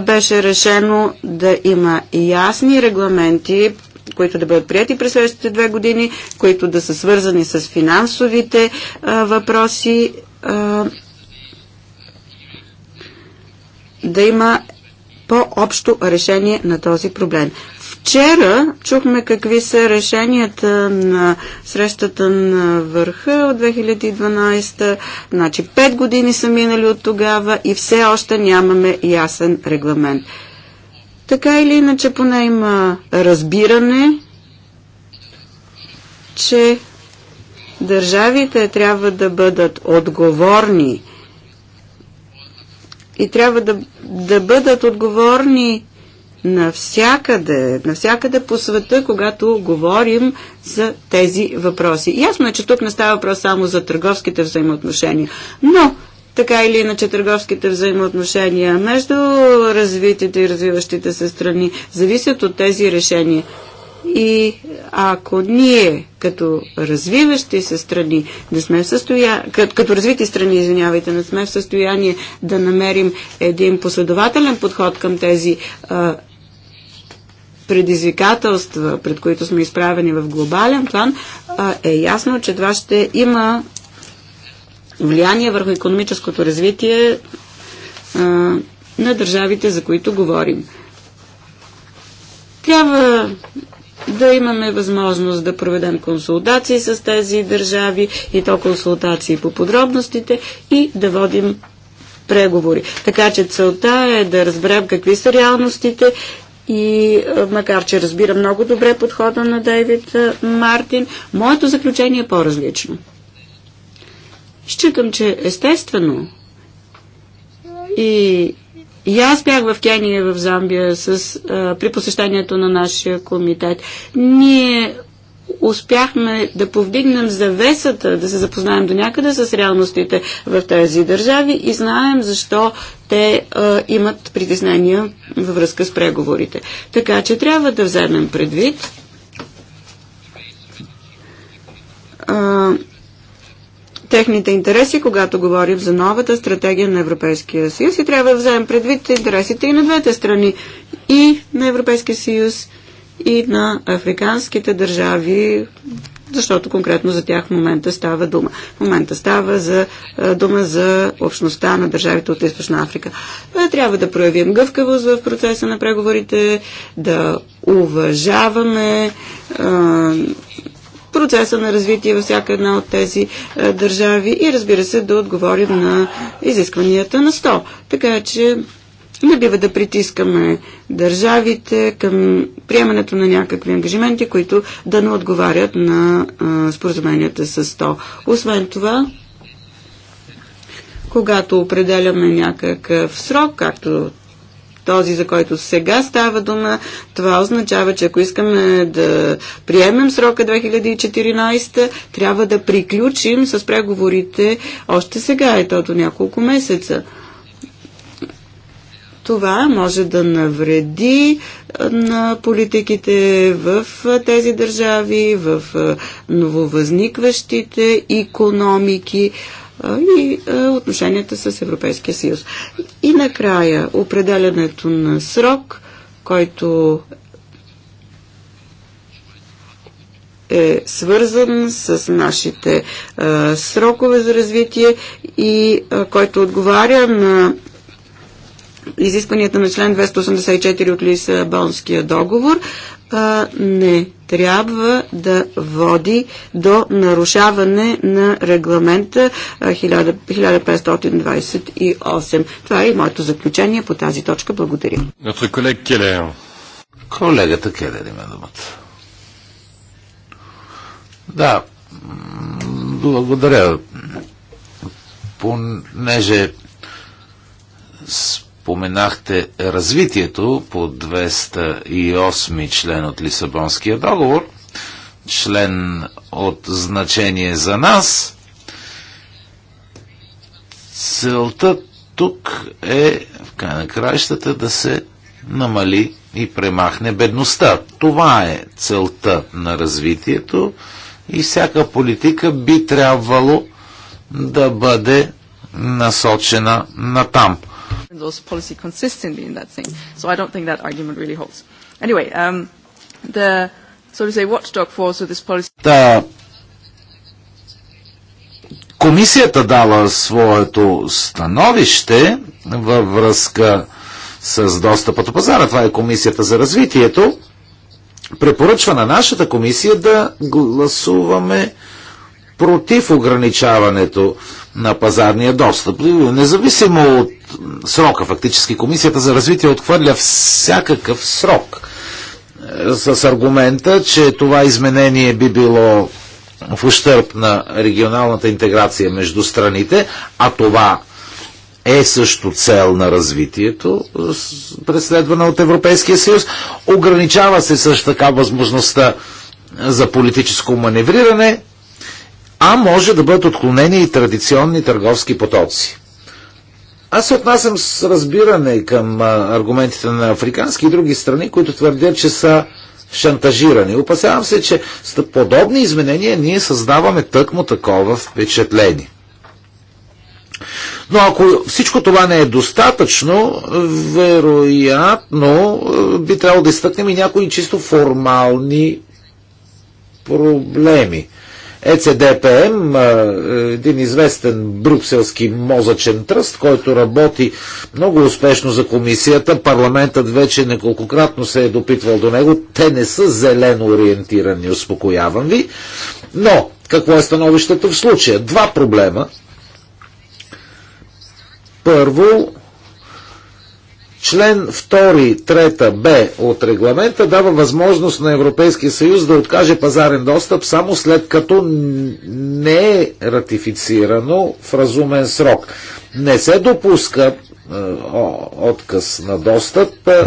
беше решено да има ясни регламенти които да бъдат прияти през следващите две години, които да са свързани с финансовите въпроси, да има по-общо решение на този проблем. Вчера чухме какви са решенията на срещата на върха от 2012. Значи 5 години са минали от тогава и все още нямаме ясен регламент. Така или иначе поне има разбиране, че държавите трябва да бъдат отговорни и трябва да, да бъдат отговорни навсякъде, навсякъде по света, когато говорим за тези въпроси. Ясно е, че тук не става въпрос само за търговските взаимоотношения, но така или иначе търговските взаимоотношения между развитите и развиващите се страни зависят от тези решения. И ако ние като развиващи се страни не сме в състояние, като, развити страни, извинявайте, не сме в състояние да намерим един последователен подход към тези а, предизвикателства, пред които сме изправени в глобален план, е ясно, че това ще има влияние върху економическото развитие на държавите, за които говорим. Трябва да имаме възможност да проведем консултации с тези държави и то консултации по подробностите и да водим преговори. Така че целта е да разберем какви са реалностите и е, макар, че разбира много добре подхода на Дейвид е, Мартин, моето заключение е по-различно. Считам, че естествено и, и аз бях в Кения и в Замбия с, а, е, при посещението на нашия комитет. Ние успяхме да повдигнем завесата, да се запознаем до някъде с реалностите в тези държави и знаем защо те а, е, имат притеснения във връзка с преговорите. Така че трябва да вземем предвид а, е, техните интереси, когато говорим за новата стратегия на Европейския съюз и трябва да вземем предвид интересите и на двете страни и на Европейския съюз, и на африканските държави, защото конкретно за тях в момента става дума. В момента става за, е, дума за общността на държавите от Източна Африка. Е, трябва да проявим гъвкавост в процеса на преговорите, да уважаваме а, е, процеса на развитие във всяка една от тези а, държави и разбира се да отговорим на изискванията на 100. Така че не бива да притискаме държавите към приемането на някакви ангажименти, които да не отговарят на а, споразуменията с 100. Освен това, когато определяме някакъв срок, както този, за който сега става дума, това означава, че ако искаме да приемем срока 2014, трябва да приключим с преговорите още сега, Ето до няколко месеца. Това може да навреди на политиките в тези държави, в нововъзникващите економики и отношенията с Европейския съюз. И накрая определянето на срок, който е свързан с нашите срокове за развитие и който отговаря на изискванията на член 284 от Лисабонския договор а, не трябва да води до нарушаване на регламента 1528. Това е и моето заключение по тази точка. Благодаря. Колегата Келер има думата. Да, благодаря. Понеже споменахте развитието по 208 член от Лисабонския договор, член от значение за нас. Целта тук е в край на краищата да се намали и премахне бедността. Това е целта на развитието и всяка политика би трябвало да бъде насочена на там and those policy consistently in that thing. So I don't think that argument really holds. Anyway, um, the so to say watchdog force of this policy. The Комисията дала своето становище във връзка с достъпа до пазара. Това е Комисията за развитието. Препоръчва на нашата комисия да гласуваме против ограничаването на пазарния достъп. Независимо от срока, фактически Комисията за развитие отхвърля всякакъв срок е, с аргумента, че това изменение би било в ущърп на регионалната интеграция между страните, а това е също цел на развитието, е, преследвана от Европейския съюз. Ограничава се също така възможността за политическо маневриране, а може да бъдат отклонени и традиционни търговски потоци. Аз се отнасям с разбиране към аргументите на африкански и други страни, които твърдят, че са шантажирани. Опасявам се, че с подобни изменения ние създаваме тъкмо такова впечатление. Но ако всичко това не е достатъчно, вероятно би трябвало да изтъкнем и някои чисто формални проблеми. ЕЦДПМ, е, един известен брукселски мозъчен тръст, който работи много успешно за комисията. Парламентът вече неколкократно се е допитвал до него. Те не са зелено ориентирани, успокоявам ви. Но, какво е становището в случая? Два проблема. Първо, Член 2, 3 Б от регламента дава възможност на Европейския съюз да откаже пазарен достъп само след като не е ратифицирано в разумен срок. Не се допуска е, отказ на достъп е,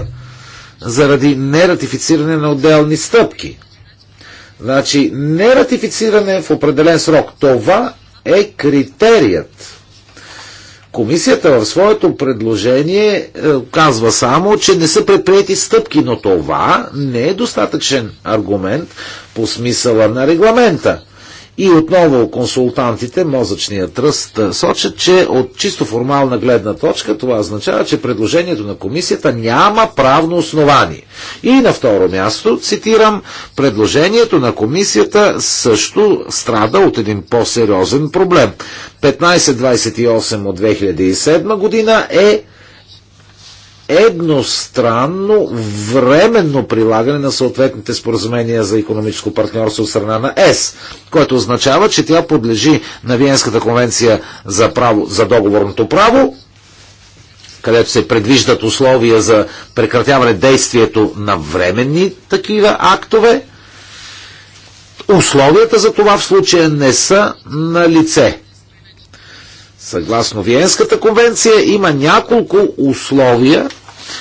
заради нератифициране на отделни стъпки. Значи, нератифициране в определен срок. Това е критерият Комисията в своето предложение е, казва само, че не са предприяти стъпки, но това не е достатъчен аргумент по смисъла на регламента. И отново консултантите, мозъчният тръст, е, сочат, че от чисто формална гледна точка това означава, че предложението на комисията няма правно основание. И на второ място, цитирам, предложението на комисията също страда от един по-сериозен проблем. 1528 от 2007 година е едностранно временно прилагане на съответните споразумения за економическо партньорство от страна на ЕС, което означава, че тя подлежи на Виенската конвенция за, право, за договорното право, където се предвиждат условия за прекратяване действието на временни такива актове, условията за това в случая не са на лице. Съгласно Виенската конвенция има няколко условия,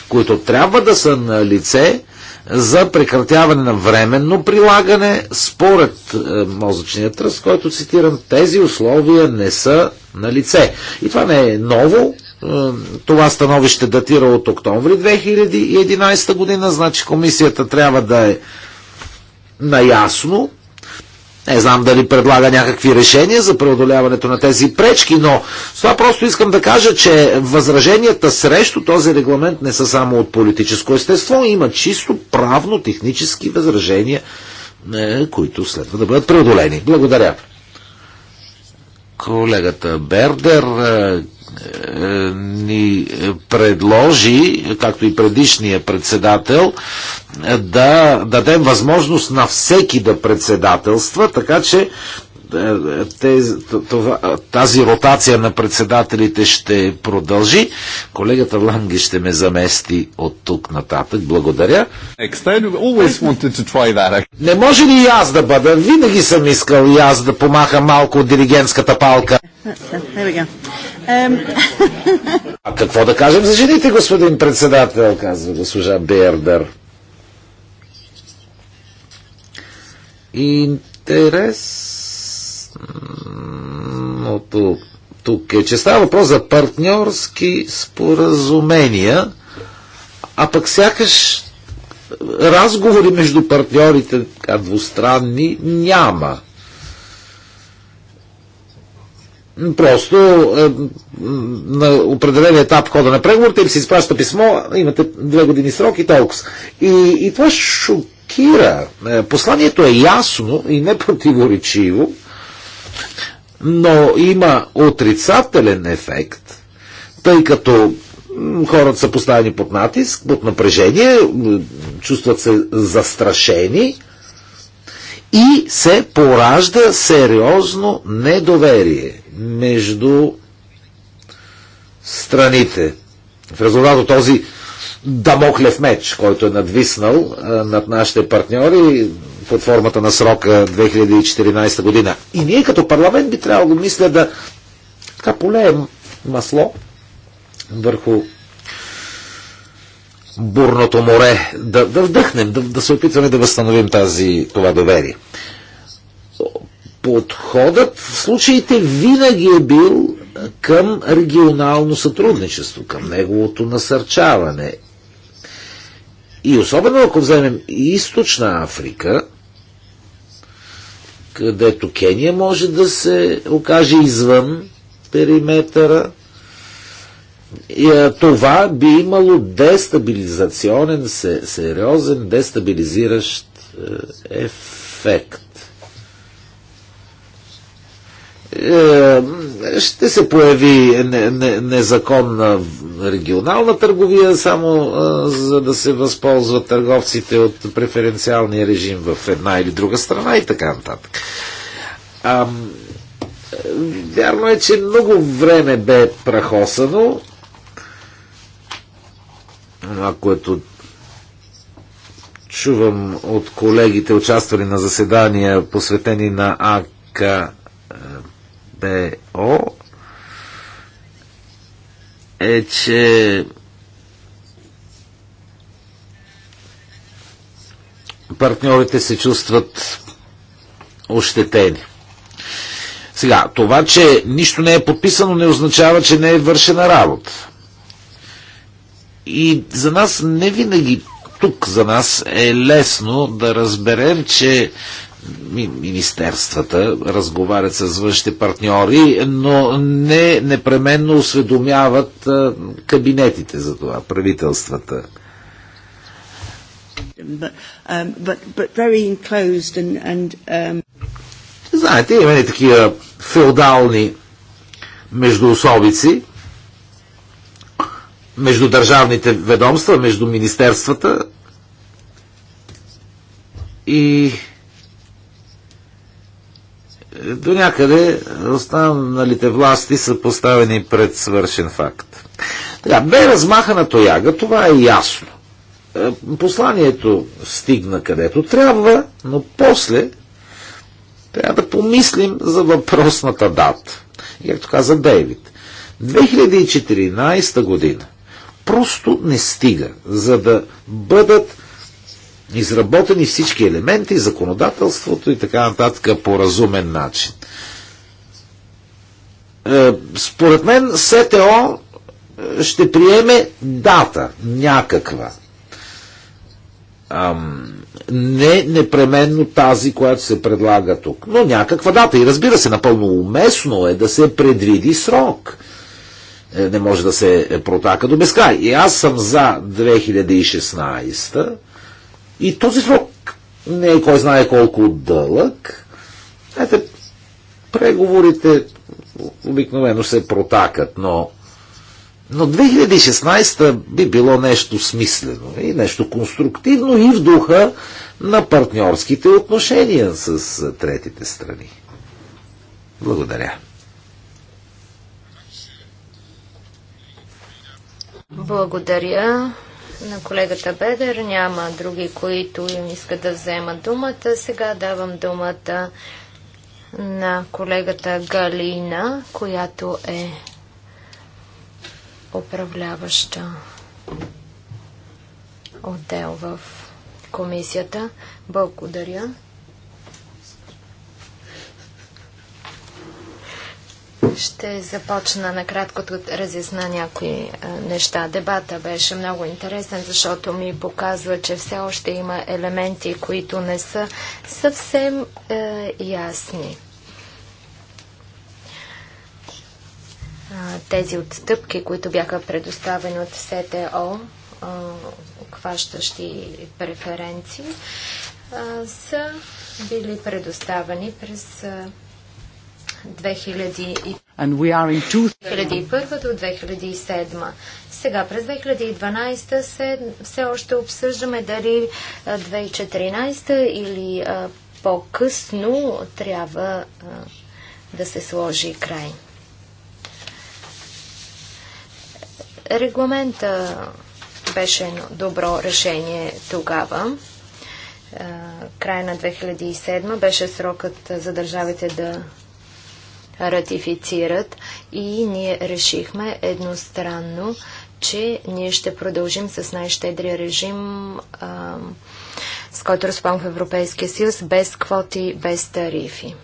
които трябва да са на лице за прекратяване на временно прилагане според е, мозъчния тръст, който цитирам, тези условия не са на лице. И това не е ново. Е, това становище датира от октомври 2011 година, значи комисията трябва да е наясно не знам дали предлага някакви решения за преодоляването на тези пречки, но с това просто искам да кажа, че възраженията срещу този регламент не са само от политическо естество, има чисто правно-технически възражения, е, които следва да бъдат преодолени. Благодаря. Колегата Бердер е, е, ни предложи, както и предишния председател, да дадем възможност на всеки да председателства, така че е, тази ротация на председателите ще продължи. Колегата Ланги ще ме замести от тук нататък. Благодаря. Не може ли и аз да бъда? Винаги съм искал и аз да помаха малко от диригентската палка. А какво да кажем за жените, господин председател, казва госпожа Бердър. Интересното тук е, че става въпрос за партньорски споразумения, а пък сякаш разговори между партньорите двустранни няма. Просто е, на определен етап хода на преговорите им се изпраща писмо, имате две години срок и толкова. И, и това шокира. Е, посланието е ясно и непротиворечиво, но има отрицателен ефект, тъй като хората са поставени под натиск, под напрежение, чувстват се застрашени и се поражда сериозно недоверие между страните. В резултат от този дамоклев меч, който е надвиснал над нашите партньори под формата на срока 2014 година. И ние като парламент би трябвало, мисля, да така полеем масло върху бурното море, да, да вдъхнем, да, да се опитваме да възстановим тази, това доверие. Подходът в случаите винаги е бил към регионално сътрудничество, към неговото насърчаване. И особено ако вземем източна Африка, където Кения може да се окаже извън периметъра това би имало дестабилизационен, сериозен дестабилизиращ е, ефект. Е, ще се появи незаконна регионална търговия, само за да се възползват търговците от преференциалния режим в една или друга страна и така нататък. Е, вярно е, че много време бе прахосано, това, което чувам от колегите, участвали на заседания, посветени на АКБО, е, че партньорите се чувстват ощетени. Сега, това, че нищо не е подписано, не означава, че не е вършена работа. И за нас не винаги тук за нас е лесно да разберем, че министерствата разговарят с външните партньори, но не непременно осведомяват кабинетите за това, правителствата. Um, um, Знаете, има и такива феодални междуособици, между държавните ведомства, между министерствата и до някъде останалите власти са поставени пред свършен факт. Така, бе на тояга, това е ясно. Е, посланието стигна където трябва, но после трябва да помислим за въпросната дата. И както каза Дейвид, 2014 година просто не стига, за да бъдат изработени всички елементи, законодателството и така нататък по разумен начин. Е, според мен СТО е, ще приеме дата някаква. Ам, не непременно тази, която се предлага тук, но някаква дата. И разбира се, напълно уместно е да се предвиди срок – е, не може да се протака до безкрай. И аз съм за 2016 и този срок не е кой знае колко дълъг. Знаете, преговорите обикновено се протакат, но, но 2016 би било нещо смислено и нещо конструктивно и в духа на партньорските отношения с третите страни. Благодаря. Благодаря на колегата Бедер. Няма други, които им искат да вземат думата. Сега давам думата на колегата Галина, която е управляваща отдел в комисията. Благодаря. Ще започна накратко да разясна някои е, неща. Дебата беше много интересен, защото ми показва, че все още има елементи, които не са съвсем е, ясни. тези отстъпки, които бяха предоставени от СТО, е, хващащи преференции, е, са били предоставени през 2001 до 2007. Сега през 2012 се, все още обсъждаме дали 2014 или по-късно трябва а, да се сложи край. Регламента беше добро решение тогава. края на 2007 беше срокът за държавите да ратифицират и ние решихме едностранно, че ние ще продължим с най-щедрия режим, а, с който разполагам в Европейския съюз, без квоти, без тарифи.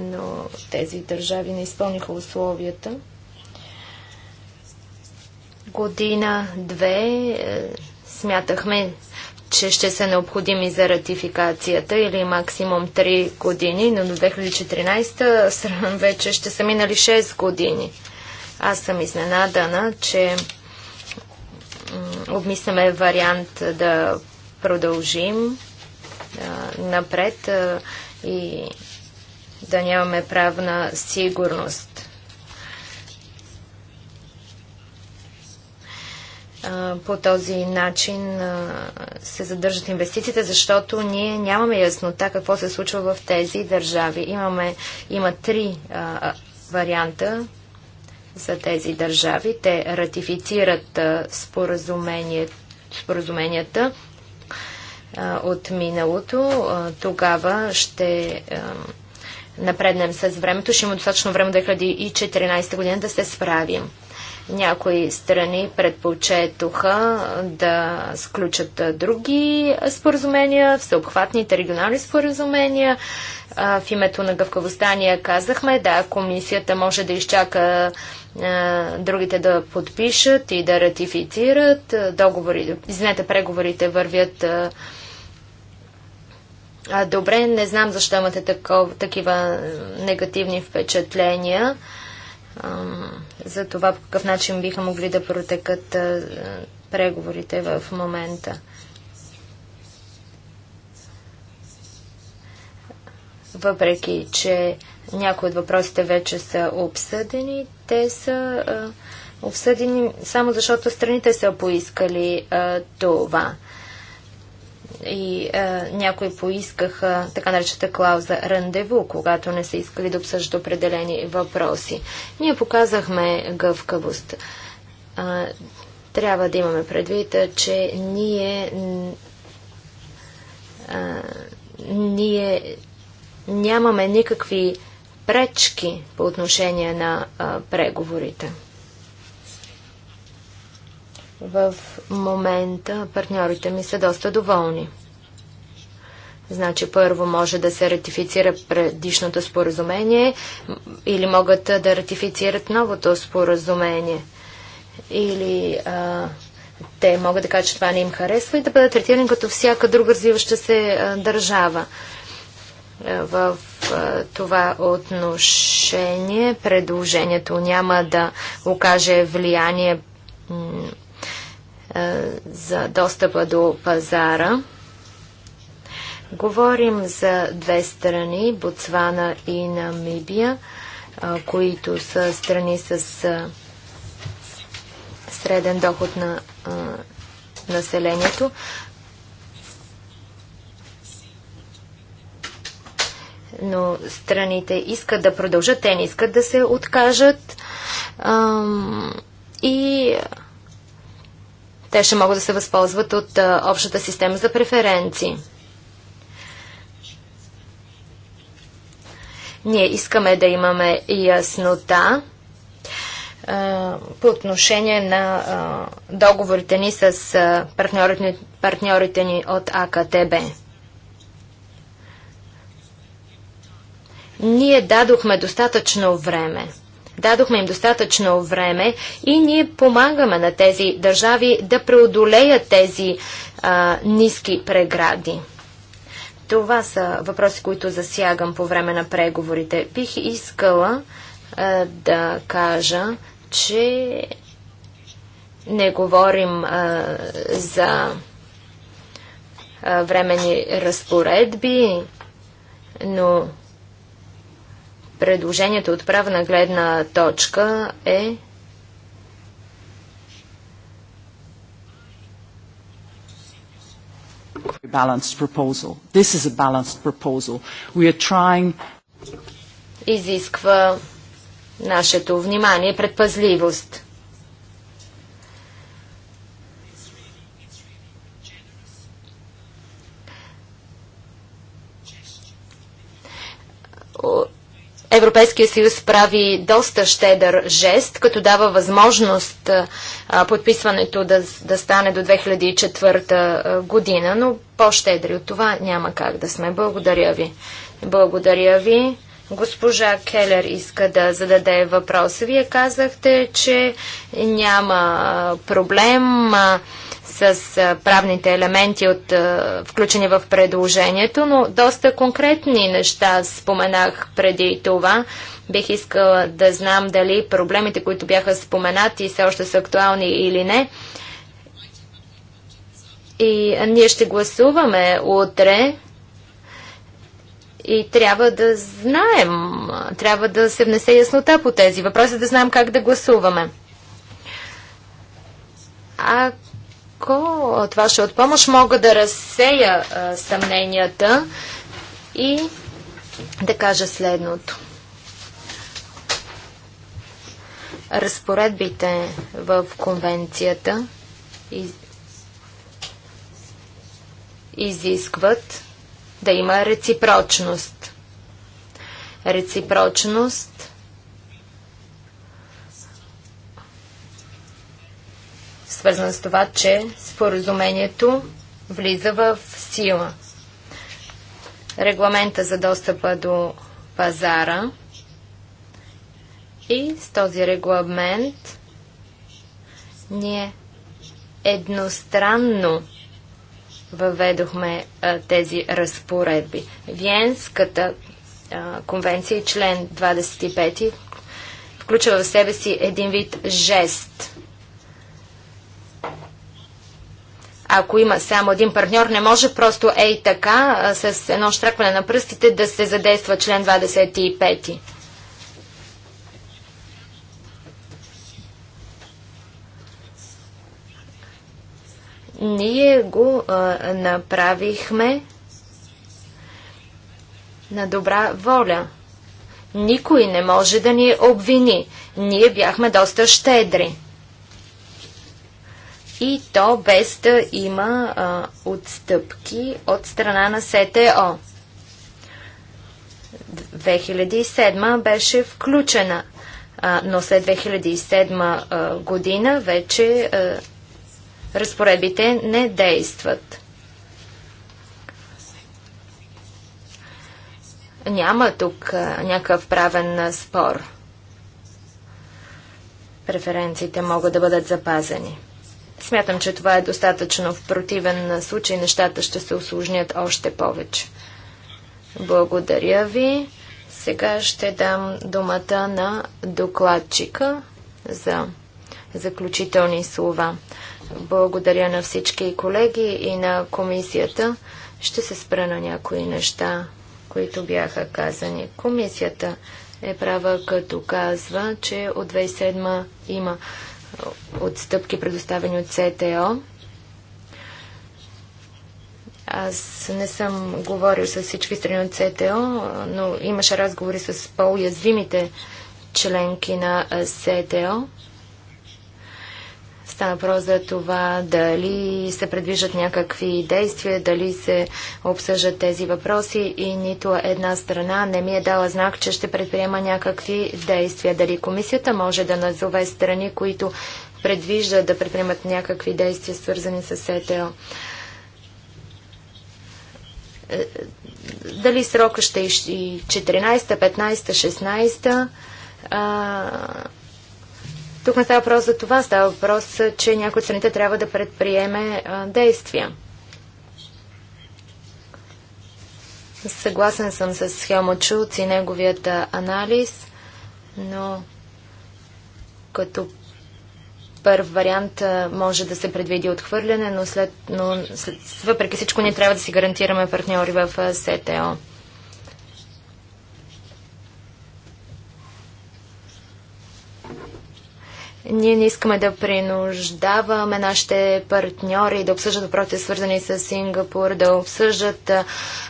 Но тези държави не изпълниха условията. Година-две е, смятахме, че ще са необходими за ратификацията или максимум 3 години, но до 2014 вече ще са минали 6 години. Аз съм изненадана, че обмисляме вариант да продължим а, напред а, и да нямаме правна сигурност. по този начин се задържат инвестициите, защото ние нямаме яснота какво се случва в тези държави. Имаме, има три а, варианта за тези държави. Те ратифицират споразумение, споразуменията а, от миналото. А, тогава ще напреднем с времето. Ще има достатъчно време 2014 година да се справим. Някои страни предпочетоха да сключат други споразумения, всеобхватните регионални споразумения. в името на гъвкавостта ние казахме, да, комисията може да изчака другите да подпишат и да ратифицират. Договори, извинете, преговорите вървят добре. Не знам защо имате такива негативни впечатления за това по какъв начин биха могли да протекат преговорите в момента. Въпреки, че някои от въпросите вече са обсъдени, те са обсъдени само защото страните са поискали това и а, е, някои поискаха така наречената клауза рандеву, когато не са искали да обсъждат определени въпроси. Ние показахме гъвкавост. А, е, трябва да имаме предвид, че ние а, е, ние нямаме никакви пречки по отношение на а, преговорите. В момента партньорите ми са доста доволни. Значи първо може да се ратифицира предишното споразумение или могат да ратифицират новото споразумение. Или а, те могат да кажат, че това не им харесва и да бъдат третирани като всяка друга развиваща се а, държава. В а, това отношение предложението няма да окаже влияние е, за достъпа до пазара. Говорим за две страни, Ботсвана и Намибия, е, които са страни с е, среден доход на населението. но страните искат да продължат, те не искат да се откажат. и те ще могат да се възползват от а, общата система за преференции. Ние искаме да имаме яснота а, по отношение на а, договорите ни с партньорите, партньорите ни от АКТБ. Ние дадохме достатъчно време. Дадохме им достатъчно време и ние помагаме на тези държави да преодолеят тези а, ниски прегради. Това са въпроси, които засягам по време на преговорите. Бих искала а, да кажа, че не говорим а, за а, времени разпоредби, но предложението от правна гледна точка е Trying... изисква нашето внимание, предпазливост. Европейския съюз прави доста щедър жест, като дава възможност подписването да, да стане до 2004 година, но по-щедри от това няма как да сме. Благодаря ви. Благодаря ви. Госпожа Келер иска да зададе въпроса. Вие казахте, че няма проблем с правните елементи, от, включени в предложението, но доста конкретни неща споменах преди това. Бих искала да знам дали проблемите, които бяха споменати, все още са актуални или не. И ние ще гласуваме утре и трябва да знаем, трябва да се внесе яснота по тези въпроси, да знаем как да гласуваме. Ако ако това ще е от помощ, мога да разсея а, съмненията и да кажа следното. Разпоредбите в конвенцията из... изискват да има реципрочност. Реципрочност свързан с това, че споразумението влиза в сила. Регламента за достъпа до пазара и с този регламент ние едностранно въведохме а, тези разпоредби. Виенската а, конвенция, член 25, включва в себе си един вид жест. Ако има само един партньор, не може просто ей така, с едно штракване на пръстите, да се задейства член 25. Ние го а, направихме на добра воля. Никой не може да ни обвини. Ние бяхме доста щедри и то без да има а, отстъпки от страна на СТО. 2007 беше включена, а, но след 2007 а, година вече а, разпоредбите не действат. Няма тук а, някакъв правен а, спор. Преференциите могат да бъдат запазени. Смятам, че това е достатъчно. В противен случай нещата ще се осложнят още повече. Благодаря ви. Сега ще дам думата на докладчика за заключителни слова. Благодаря на всички колеги и на комисията. Ще се спра на някои неща, които бяха казани. Комисията е права, като казва, че от 27 има отстъпки, предоставени от СТО. Аз не съм говорил с всички страни от СТО, но имаше разговори с по-уязвимите членки на СТО. Стана въпрос за това дали се предвиждат някакви действия, дали се обсъждат тези въпроси и нито една страна не ми е дала знак, че ще предприема някакви действия. Дали комисията може да назове страни, които предвиждат да предприемат някакви действия, свързани с ЕТО? Е, дали срока ще е и 14, 15, 16? Тук не става въпрос за това, става въпрос, че някои от страните трябва да предприеме а, действия. Съгласен съм с Хелмут Чулц и неговият анализ, но като първ вариант може да се предвиди отхвърляне, но, след, но след, въпреки всичко ние трябва да си гарантираме партньори в СТО. Ние не искаме да принуждаваме нашите партньори да обсъждат въпросите свързани с Сингапур, да обсъждат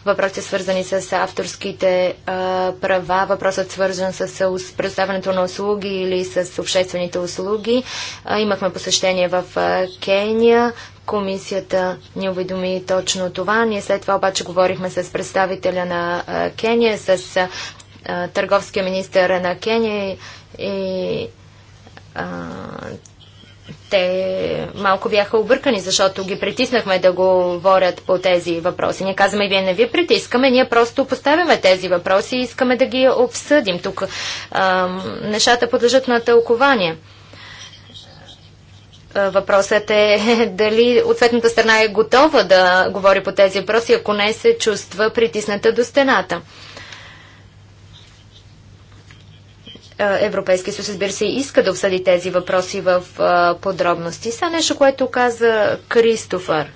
въпросите свързани с авторските а, права, въпросът свързан с предоставянето на услуги или с обществените услуги. А, имахме посещение в а, Кения, Комисията ни уведоми точно това. Ние след това обаче говорихме с представителя на Кения, с търговския министър на Кения и а, те малко бяха объркани, защото ги притиснахме да говорят по тези въпроси. Ние казваме, вие не ви притискаме, ние просто поставяме тези въпроси и искаме да ги обсъдим. Тук а, нещата подлежат на тълкование. Въпросът е <laughs> дали ответната страна е готова да говори по тези въпроси, ако не се чувства притисната до стената. Европейския съюз, разбира се, иска да обсъди тези въпроси в подробности. Са нещо, което каза Кристофър.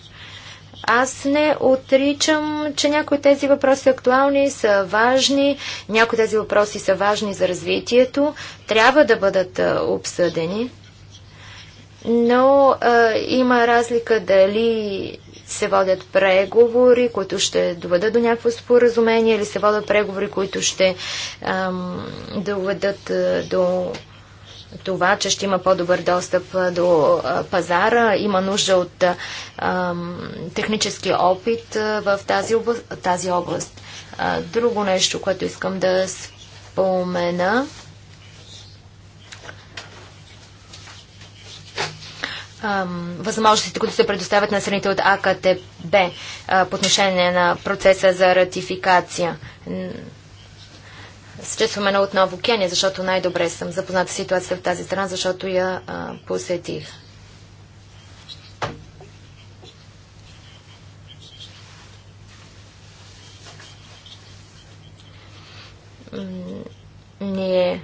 Аз не отричам, че някои тези въпроси са актуални, са важни, някои тези въпроси са важни за развитието, трябва да бъдат обсъдени. Но а, има разлика дали се водят преговори, които ще доведат до някакво споразумение или се водят преговори, които ще ам, доведат до това, че ще има по-добър достъп до пазара, има нужда от ам, технически опит в тази област. Тази област. Друго нещо, което искам да спомена възможностите, които се предоставят на страните от АКТБ по отношение на процеса за ратификация. Съчестваме на отново Кения, защото най-добре съм запозната с в тази страна, защото я а, посетих. Ние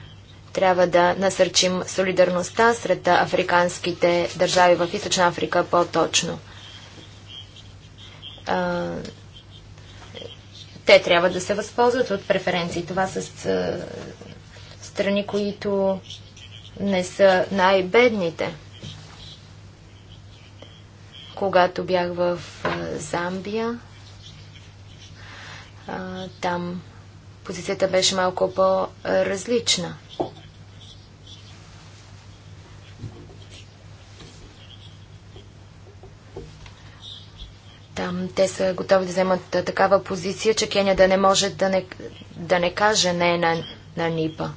трябва да насърчим солидарността сред африканските държави в Източна Африка по-точно. Те трябва да се възползват от преференции. Това са страни, които не са най-бедните. Когато бях в Замбия, там позицията беше малко по-различна. Там те са готови да вземат такава позиция, че Кения да не може да не, да не каже не на, на НИПА.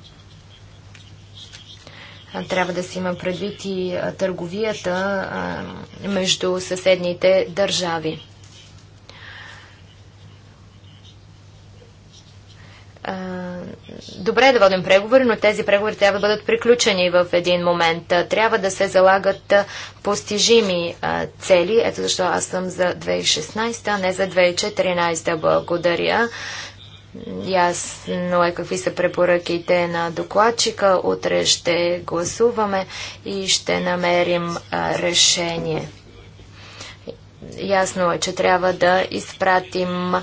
Трябва да си има предвид и търговията между съседните държави. добре е да водим преговори, но тези преговори трябва да бъдат приключени в един момент. Трябва да се залагат постижими цели. Ето защо аз съм за 2016, а не за 2014. Благодаря. Ясно е какви са препоръките на докладчика. Утре ще гласуваме и ще намерим решение. Ясно е, че трябва да изпратим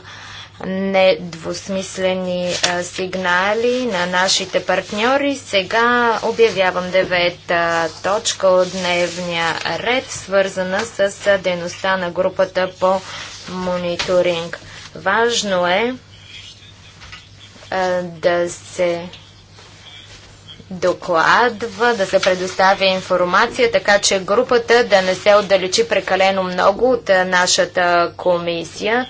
недвусмислени а, сигнали на нашите партньори. Сега обявявам девета точка от дневния ред, свързана с дейността на групата по мониторинг. Важно е а, да се докладва, да се предоставя информация, така че групата да не се отдалечи прекалено много от нашата комисия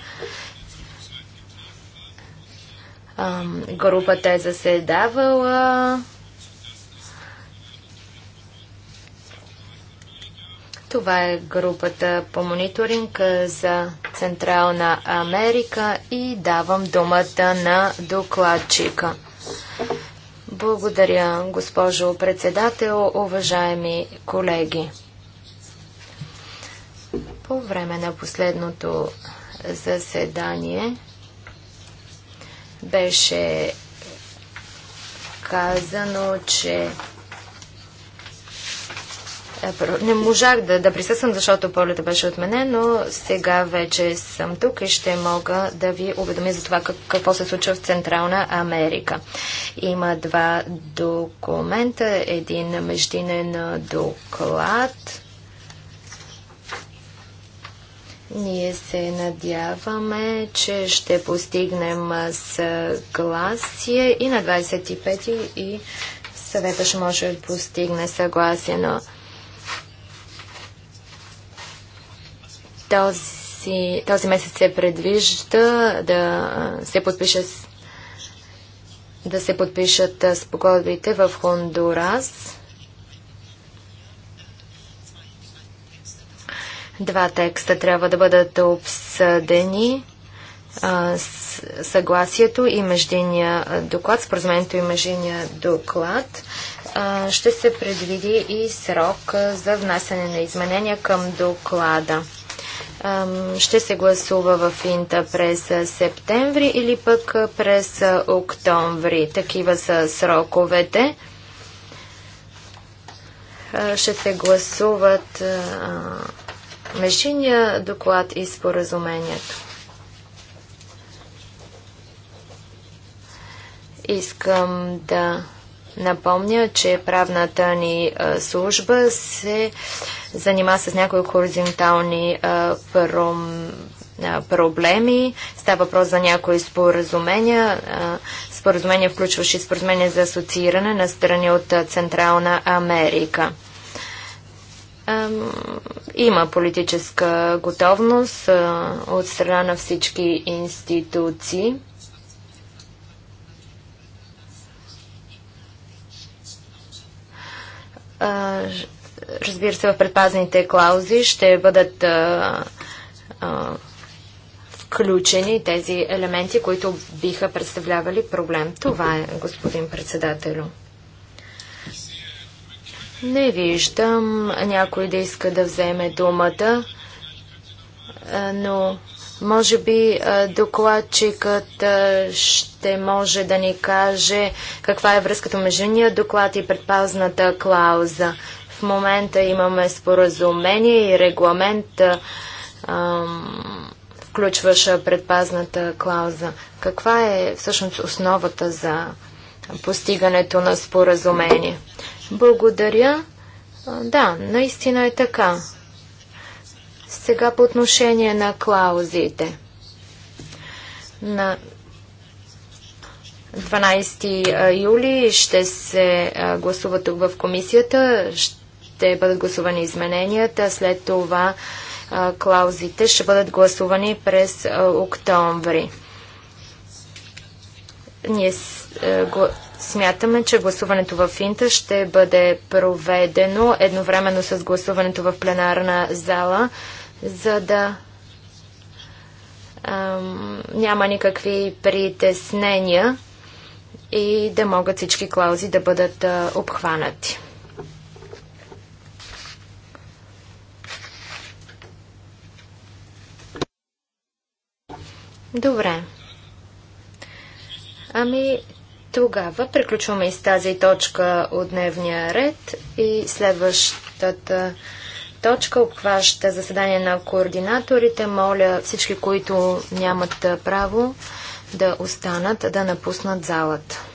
групата е заседавала. Това е групата по мониторинг за Централна Америка и давам думата на докладчика. Благодаря, госпожо председател, уважаеми колеги. По време на последното заседание беше казано, че е, не можах да, да присъствам, защото полета беше отменен, но сега вече съм тук и ще мога да ви уведомя за това как, какво се случва в Централна Америка. Има два документа, един междинен доклад ние се надяваме, че ще постигнем съгласие и на 25 ти и съвета ще може да постигне съгласие, но този, този месец се предвижда да се подпише да се подпишат спогодбите в Хондурас. Два текста трябва да бъдат обсъдени. А, с, съгласието и междиния доклад, споразумението и междиния доклад. А, ще се предвиди и срок за внасяне на изменения към доклада. Ще се гласува в Инта през септември или пък през октомври. Такива са сроковете. Ще се гласуват Мешиния доклад и споразумението. Искам да напомня, че правната ни служба се занима с някои хоризонтални проблеми. Става въпрос за някои споразумения. споразумения, включващи споразумения за асоцииране на страни от Централна Америка. Има политическа готовност от страна на всички институции. Разбира се, в предпазните клаузи ще бъдат включени тези елементи, които биха представлявали проблем. Това е, господин председателю. Не виждам някой да иска да вземе думата, но може би докладчикът ще може да ни каже каква е връзката между ния доклад и предпазната клауза. В момента имаме споразумение и регламент, включваща предпазната клауза. Каква е всъщност основата за постигането на споразумение? Благодаря. Да, наистина е така. Сега по отношение на клаузите. На 12 юли ще се гласува тук в комисията, ще бъдат гласувани измененията, след това клаузите ще бъдат гласувани през октомври. Ние Смятаме, че гласуването в Инта ще бъде проведено едновременно с гласуването в пленарна зала, за да ам, няма никакви притеснения и да могат всички клаузи да бъдат а, обхванати. Добре. Ами, тогава приключваме и с тази точка от дневния ред и следващата точка обхваща заседание на координаторите. Моля всички, които нямат право да останат, да напуснат залата.